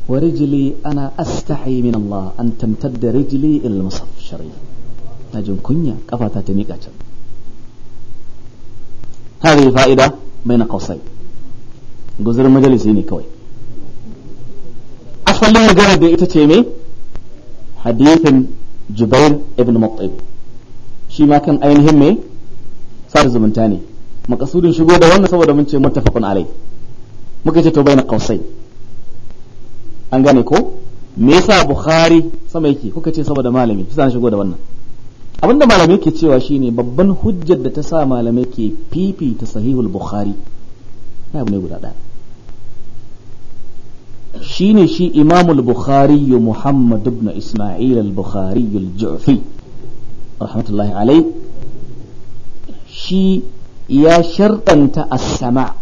ورجلي أنا أستحي من الله أن تمتد رجلي إلى المصحف الشريف نجم كنيا كفاتا تميك هذه فائدة بين قوسين جزر المجلس هنا كوي أصلا magana da ita ce me hadithin jubair ibn mut'ib shi ma kan sada zumunta ne makasudin shigo da wannan saboda mun ce muttafaqun alai muka ce to baina qausai an gane ko me yasa bukhari sama yake kuka ce saboda malami shi shigo da wannan abinda malamai ke cewa shine babban hujjar da ta sa malamai ke pipi ta sahihul bukhari na abu ne guda ɗaya shine shi imamul bukhari muhammad ibn isma'il al-bukhari al-ju'fi rahmatullahi alai shi ya shirɗanta as-sama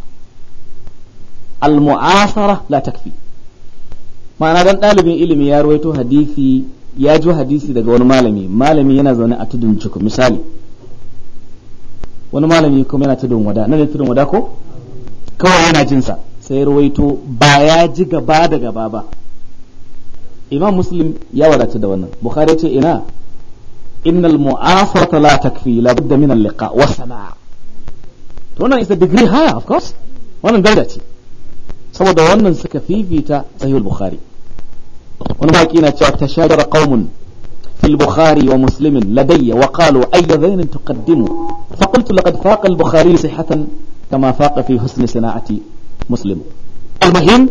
al-mu'asara la takfi ma'ana dan ɗalibin ilimi ya ruwaito hadisi ya ji hadisi daga wani malami malami yana zaune a tudun ciku misali wani malami kuma yana tudun wada nan ne tudun wada ko kawai yana jinsa sai ruwaito ba ya ji gaba da gaba ba imam muslim ya wadata da wannan bukhari ce ina إن المعاصرة لا تكفي لابد من اللقاء والسماع wannan is the degree higher of course وانا daraja ce saboda wannan suka fifita sahihul bukhari wani baki na cewa في البخاري ومسلم لدي وقالوا أي ذين تقدموا فقلت لقد فاق البخاري صحة كما فاق في حسن صناعة مسلم المهم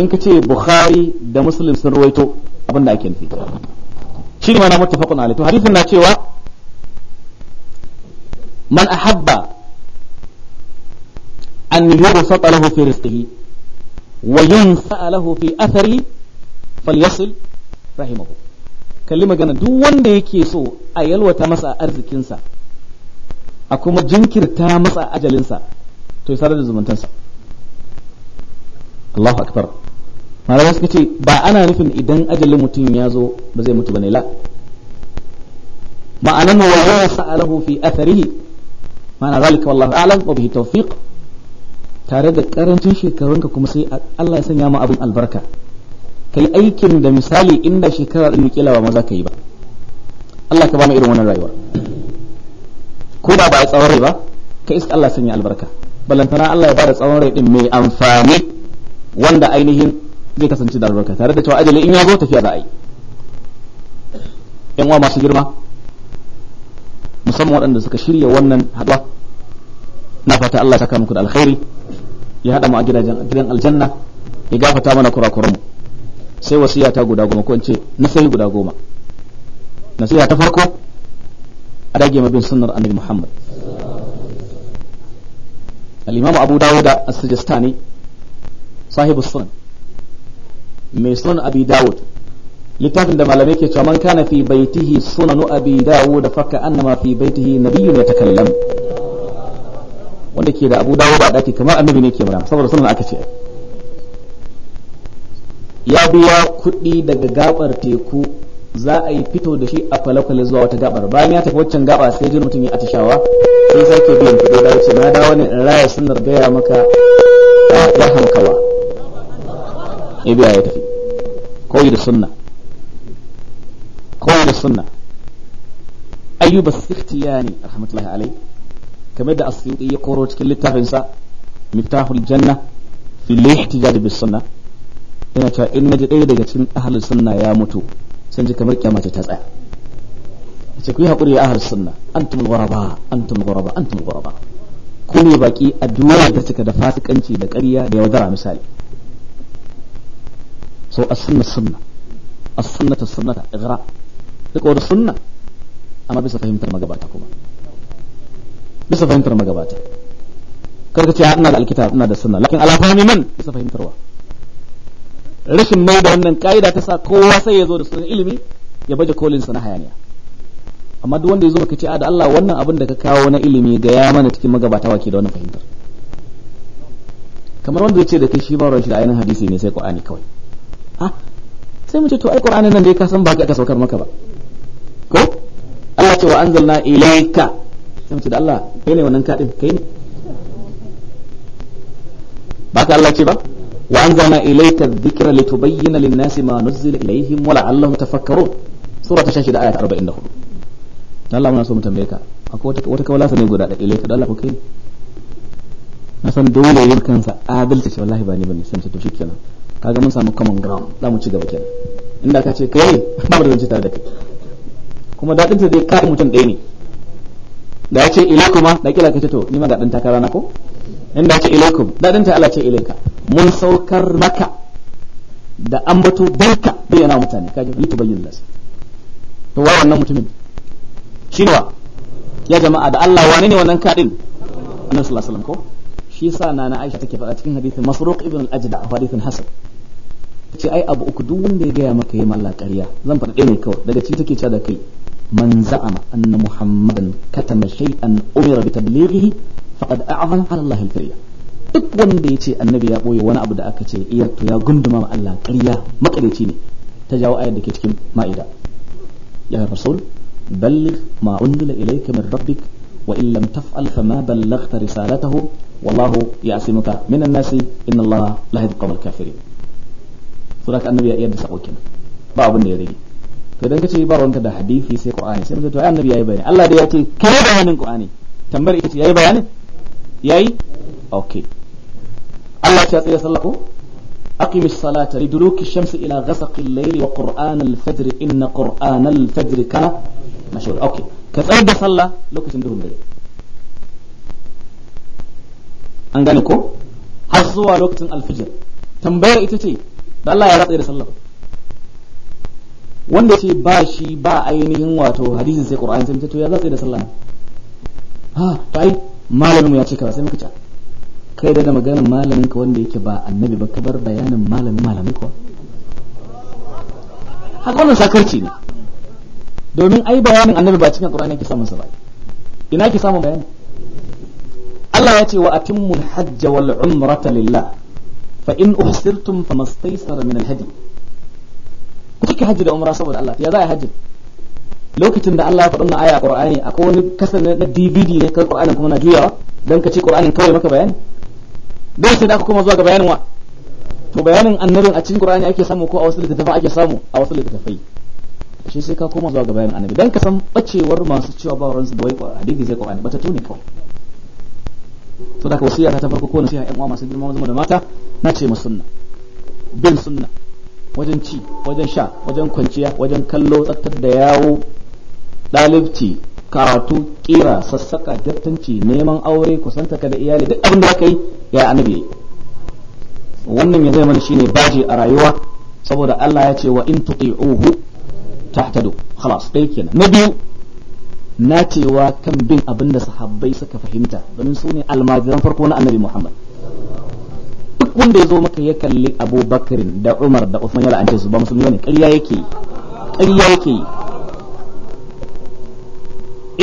إنك تي بخاري ده مسلم سنرويته أبنى أكين فيه shi ne mana muttafaqun alaihi hadisin na cewa man ahabba an yubsata lahu fi rizqihi wa yunsa lahu fi athari falyasil rahimahu kalli magana duk wanda yake so a yalwata masa arzikinsa a kuma jinkirta masa ajalinsa to ya sadar da zumuntansa Allahu akbar malamai suka ce ba ana nufin idan ajalin mutum ya zo ba zai mutu bane la ma'anan wa ya sa'alahu fi atharihi ma'ana zalika wallahu a'lam wa bihi tawfiq tare da karancin shekarunka kuma sai Allah ya sanya mu abin albarka kai aikin da misali inda shekara din kila ba maza kai ba Allah ka ba mu irin wannan rayuwar ko da ba a tsawon rai ba kai iska Allah sanya albarka balantana Allah ya ba da tsawon rai din mai amfani wanda ainihin zai kasance da albarka tare da cewa ajali in ya zo tafiya za a yi yan wa masu girma musamman waɗanda suka shirya wannan haɗuwa na fata Allah saka muku da alkhairi ya haɗa mu a gidan aljanna ya gafata mana mu sai wasiya ta guda goma ko in ce nasihi guda goma nasiha ta farko a dage mabin sunnar annabi Muhammad al-Imam Abu Dawud as-Sijistani sahibu sunan mai sunan abi dawud littafin da malamai ke cewa man kana fi baitihi sunanu abi dawud fakka annama fi baitihi ya takallam wanda ke da abu dawud ba daki kamar annabi ne ke mura saboda sunan aka ce ya biya kuɗi daga gabar teku za a yi fito da shi a kwale-kwale zuwa wata gabar bayan ya tafi waccan gaba sai jin mutum ya atishawa sai sake biyan kuɗi da ce na dawo ne in raya sunar gaya maka ya hankawa ya biya ya tafi kawai da sunna kawai da sunna ayyuba sikhtiyani rahmatullahi alai kamar da asyuti ya koro cikin littafinsa miftahul janna fi lihtijaj bis sunna yana cewa in naji ɗaya daga cikin ahlus sunna ya mutu sun ji kamar kiyama ta tsaya yace ku yi hakuri ya ahlus sunna antum ghuraba antum ghuraba antum ghuraba ku ne baki a duniya da cika da fasikanci da ƙarya da yaudara misali so as-sunna sunna as-sunnatu sunnata igra riko da sunna amma bisa fahimtar magabata kuma bisa fahimtar magabata karka ce ah, ina da alkitab ina da sunna lakin ala fahimi man bisa fahimtarwa rashin mai da wannan ka'ida ta sa kowa sai ya zo da sunan ilimi ya baje kolin sa na hayaniya amma duk wanda ya zo ka ce a ah, da Allah wannan abin da ka kawo na ilimi ga ya mana cikin magabata wake da wannan fahimtar kamar wanda ya ce da kai shi ba ruwan shi da ainihin hadisi ne sai ƙwa'ani kawai ha sai mu ce to ai qur'anin nan dai ka san ba ka saukar maka ba ko Allah ce wa anzalna ilayka sai mu ce da Allah kai ne wannan kadin kai ne ba ka Allah ce ba wa anzalna ilayka dhikra litubayyana lin-nasi ma nuzila ilayhim wa la'allahum tafakkarun sura ta 6 aya 44 Allah muna so mu tambaye ka akwai wata wata kawala ne guda da ilayka da Allah ko kai ne. na san dole yin kansa adalci ce wallahi ba ni bane sai mu ce to shikenan kaga mun samu common ground za mu ci gaba kenan inda ka ce kai ba da zance tare da kai kuma daɗin ta dai ka mutum ɗaya ne da ya ce ilaikum ma da kila ka ce to ni ma ga dan takara na ko inda ya ce ilaikum daɗin ta Allah ce ilaika mun saukar maka da ambato barka yana mutane kaje litubayyin las to wa wannan mutumin shi ne wa ya jama'a da Allah wane ne wannan kadin annabi sallallahu alaihi wasallam ko shi na nana Aisha take faɗa cikin hadisin Masruq ibn al-Ajda hadisin Hasan ce ai abu uku duk wanda ya gaya maka yi malla ƙarya zan faɗa ɗaya ne kawai daga ci take cewa da kai man za'ama anna muhammadan katama shay'an umira bi tablighihi faqad a'zama 'ala Allah al-firya duk wanda ya ce annabi ya boye wani abu da aka ce iya to ya gunduma ma Allah ƙarya makareci ne ta jawo ayar da ke cikin ma'ida ya rasul balligh ma unzila ilayka min rabbik wa in lam taf'al fama risalatahu والله يعصمك من الناس إن الله لا يهدي القوم الكافرين سورة النبي يبدأ سقوكنا باب النيري فإذا كنت يبارو أنت ده حديث في سي قرآني سيقول تعالى النبي يا بياني الله دي يأتي كي من قرآني تنبري كتي يا بياني يأي أوكي الله شاطئ يسلقه أقم الصلاة لدلوك الشمس إلى غسق الليل وقرآن الفجر إن قرآن الفجر كان مشهور أوكي كثير صلى لو كنت ندهم بليل an gane ko har zuwa lokacin alfijir tambayar ita ce da Allah ya ratsa da sallah wanda ce ba shi ba ainihin wato hadisi sai qur'ani sai to ya ratsa da sallah ha to ai malamin ya ce ka sai muka ci kai da maganar malamin ka wanda yake ba annabi ba ka bar bayanin malamin malamin ko haka wannan sakarci ne domin ai bayanin annabi ba cikin qur'ani yake samun sa ba ina ke samun bayanin Allah ya ce wa atimmu hajj wal umrata lillah fa in uhsirtum famastaysara min al-hadi ku kike hajji da umra saboda Allah ya za a hajji lokacin da Allah ya faɗi wannan aya Qur'ani akwai wani kasar na DVD ne kan Qur'ani kuma na juyawa dan ka ce Qur'anin kawai maka bayani dan sai da aka zuwa ga bayanin wa to bayanin annabin a cikin Qur'ani ake samu ko a wasu littattafai ake samu a wasu littattafai shi sai ka koma zuwa ga bayanin annabi dan ka san bacewar masu cewa ba ransu da wai hadisi sai Qur'ani ta tuni kawai to da wasiya ta farko ko nasiha ƴan uwa masu girma zama da mata na ce musu sunna bin sunna wajen ci wajen sha wajen kwanciya wajen kallo tsattar da yawo ɗalibci karatu kira sassaka dattanci neman aure kusanta ka da iyali duk abin da aka yi ya annabi wannan ya zama shi shine baji a rayuwa saboda Allah ya ce wa in tuti'uhu tahtadu khalas ɗaya kenan na biyu na cewa kan bin abin da sahabbai suka fahimta domin su ne almajiran farko na annabi Muhammad duk wanda ya zo maka ya kalli Abu Bakr da Umar da Uthman ya la'anta su ba musulmi bane ƙarya yake ƙarya yake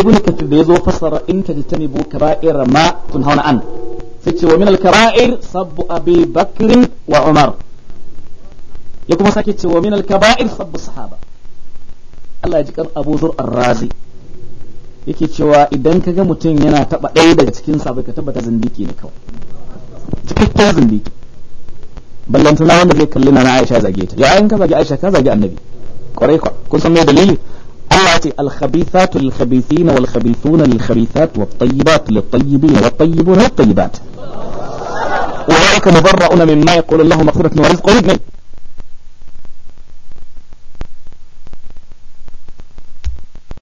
ibn Kathir da ya zo fassara in tajtanibu kaba'ir ma tunhauna an sai ce wa min al-kaba'ir sabbu Abi Bakr wa Umar ya kuma sake ce wa min al-kaba'ir sabbu sahaba Allah ya ji kan Abu Zur Ar-Razi yake cewa idan ka ga mutum yana taba ɗaya daga cikin sa bai ka tabbata zindiki ne kawai cikakken zindiki ballan ballantana wanda zai kalli na Aisha zage ta ya ka zage Aisha ka zage annabi kwarai kwa kun san me dalili Allah ce al-khabithatu lil-khabithina wal-khabithuna lil-khabithat wat-tayyibatu lit-tayyibina wat-tayyibuna lit-tayyibat wa ulaika mubarra'una mimma yaqulu Allahu maghfiratun wa rizqun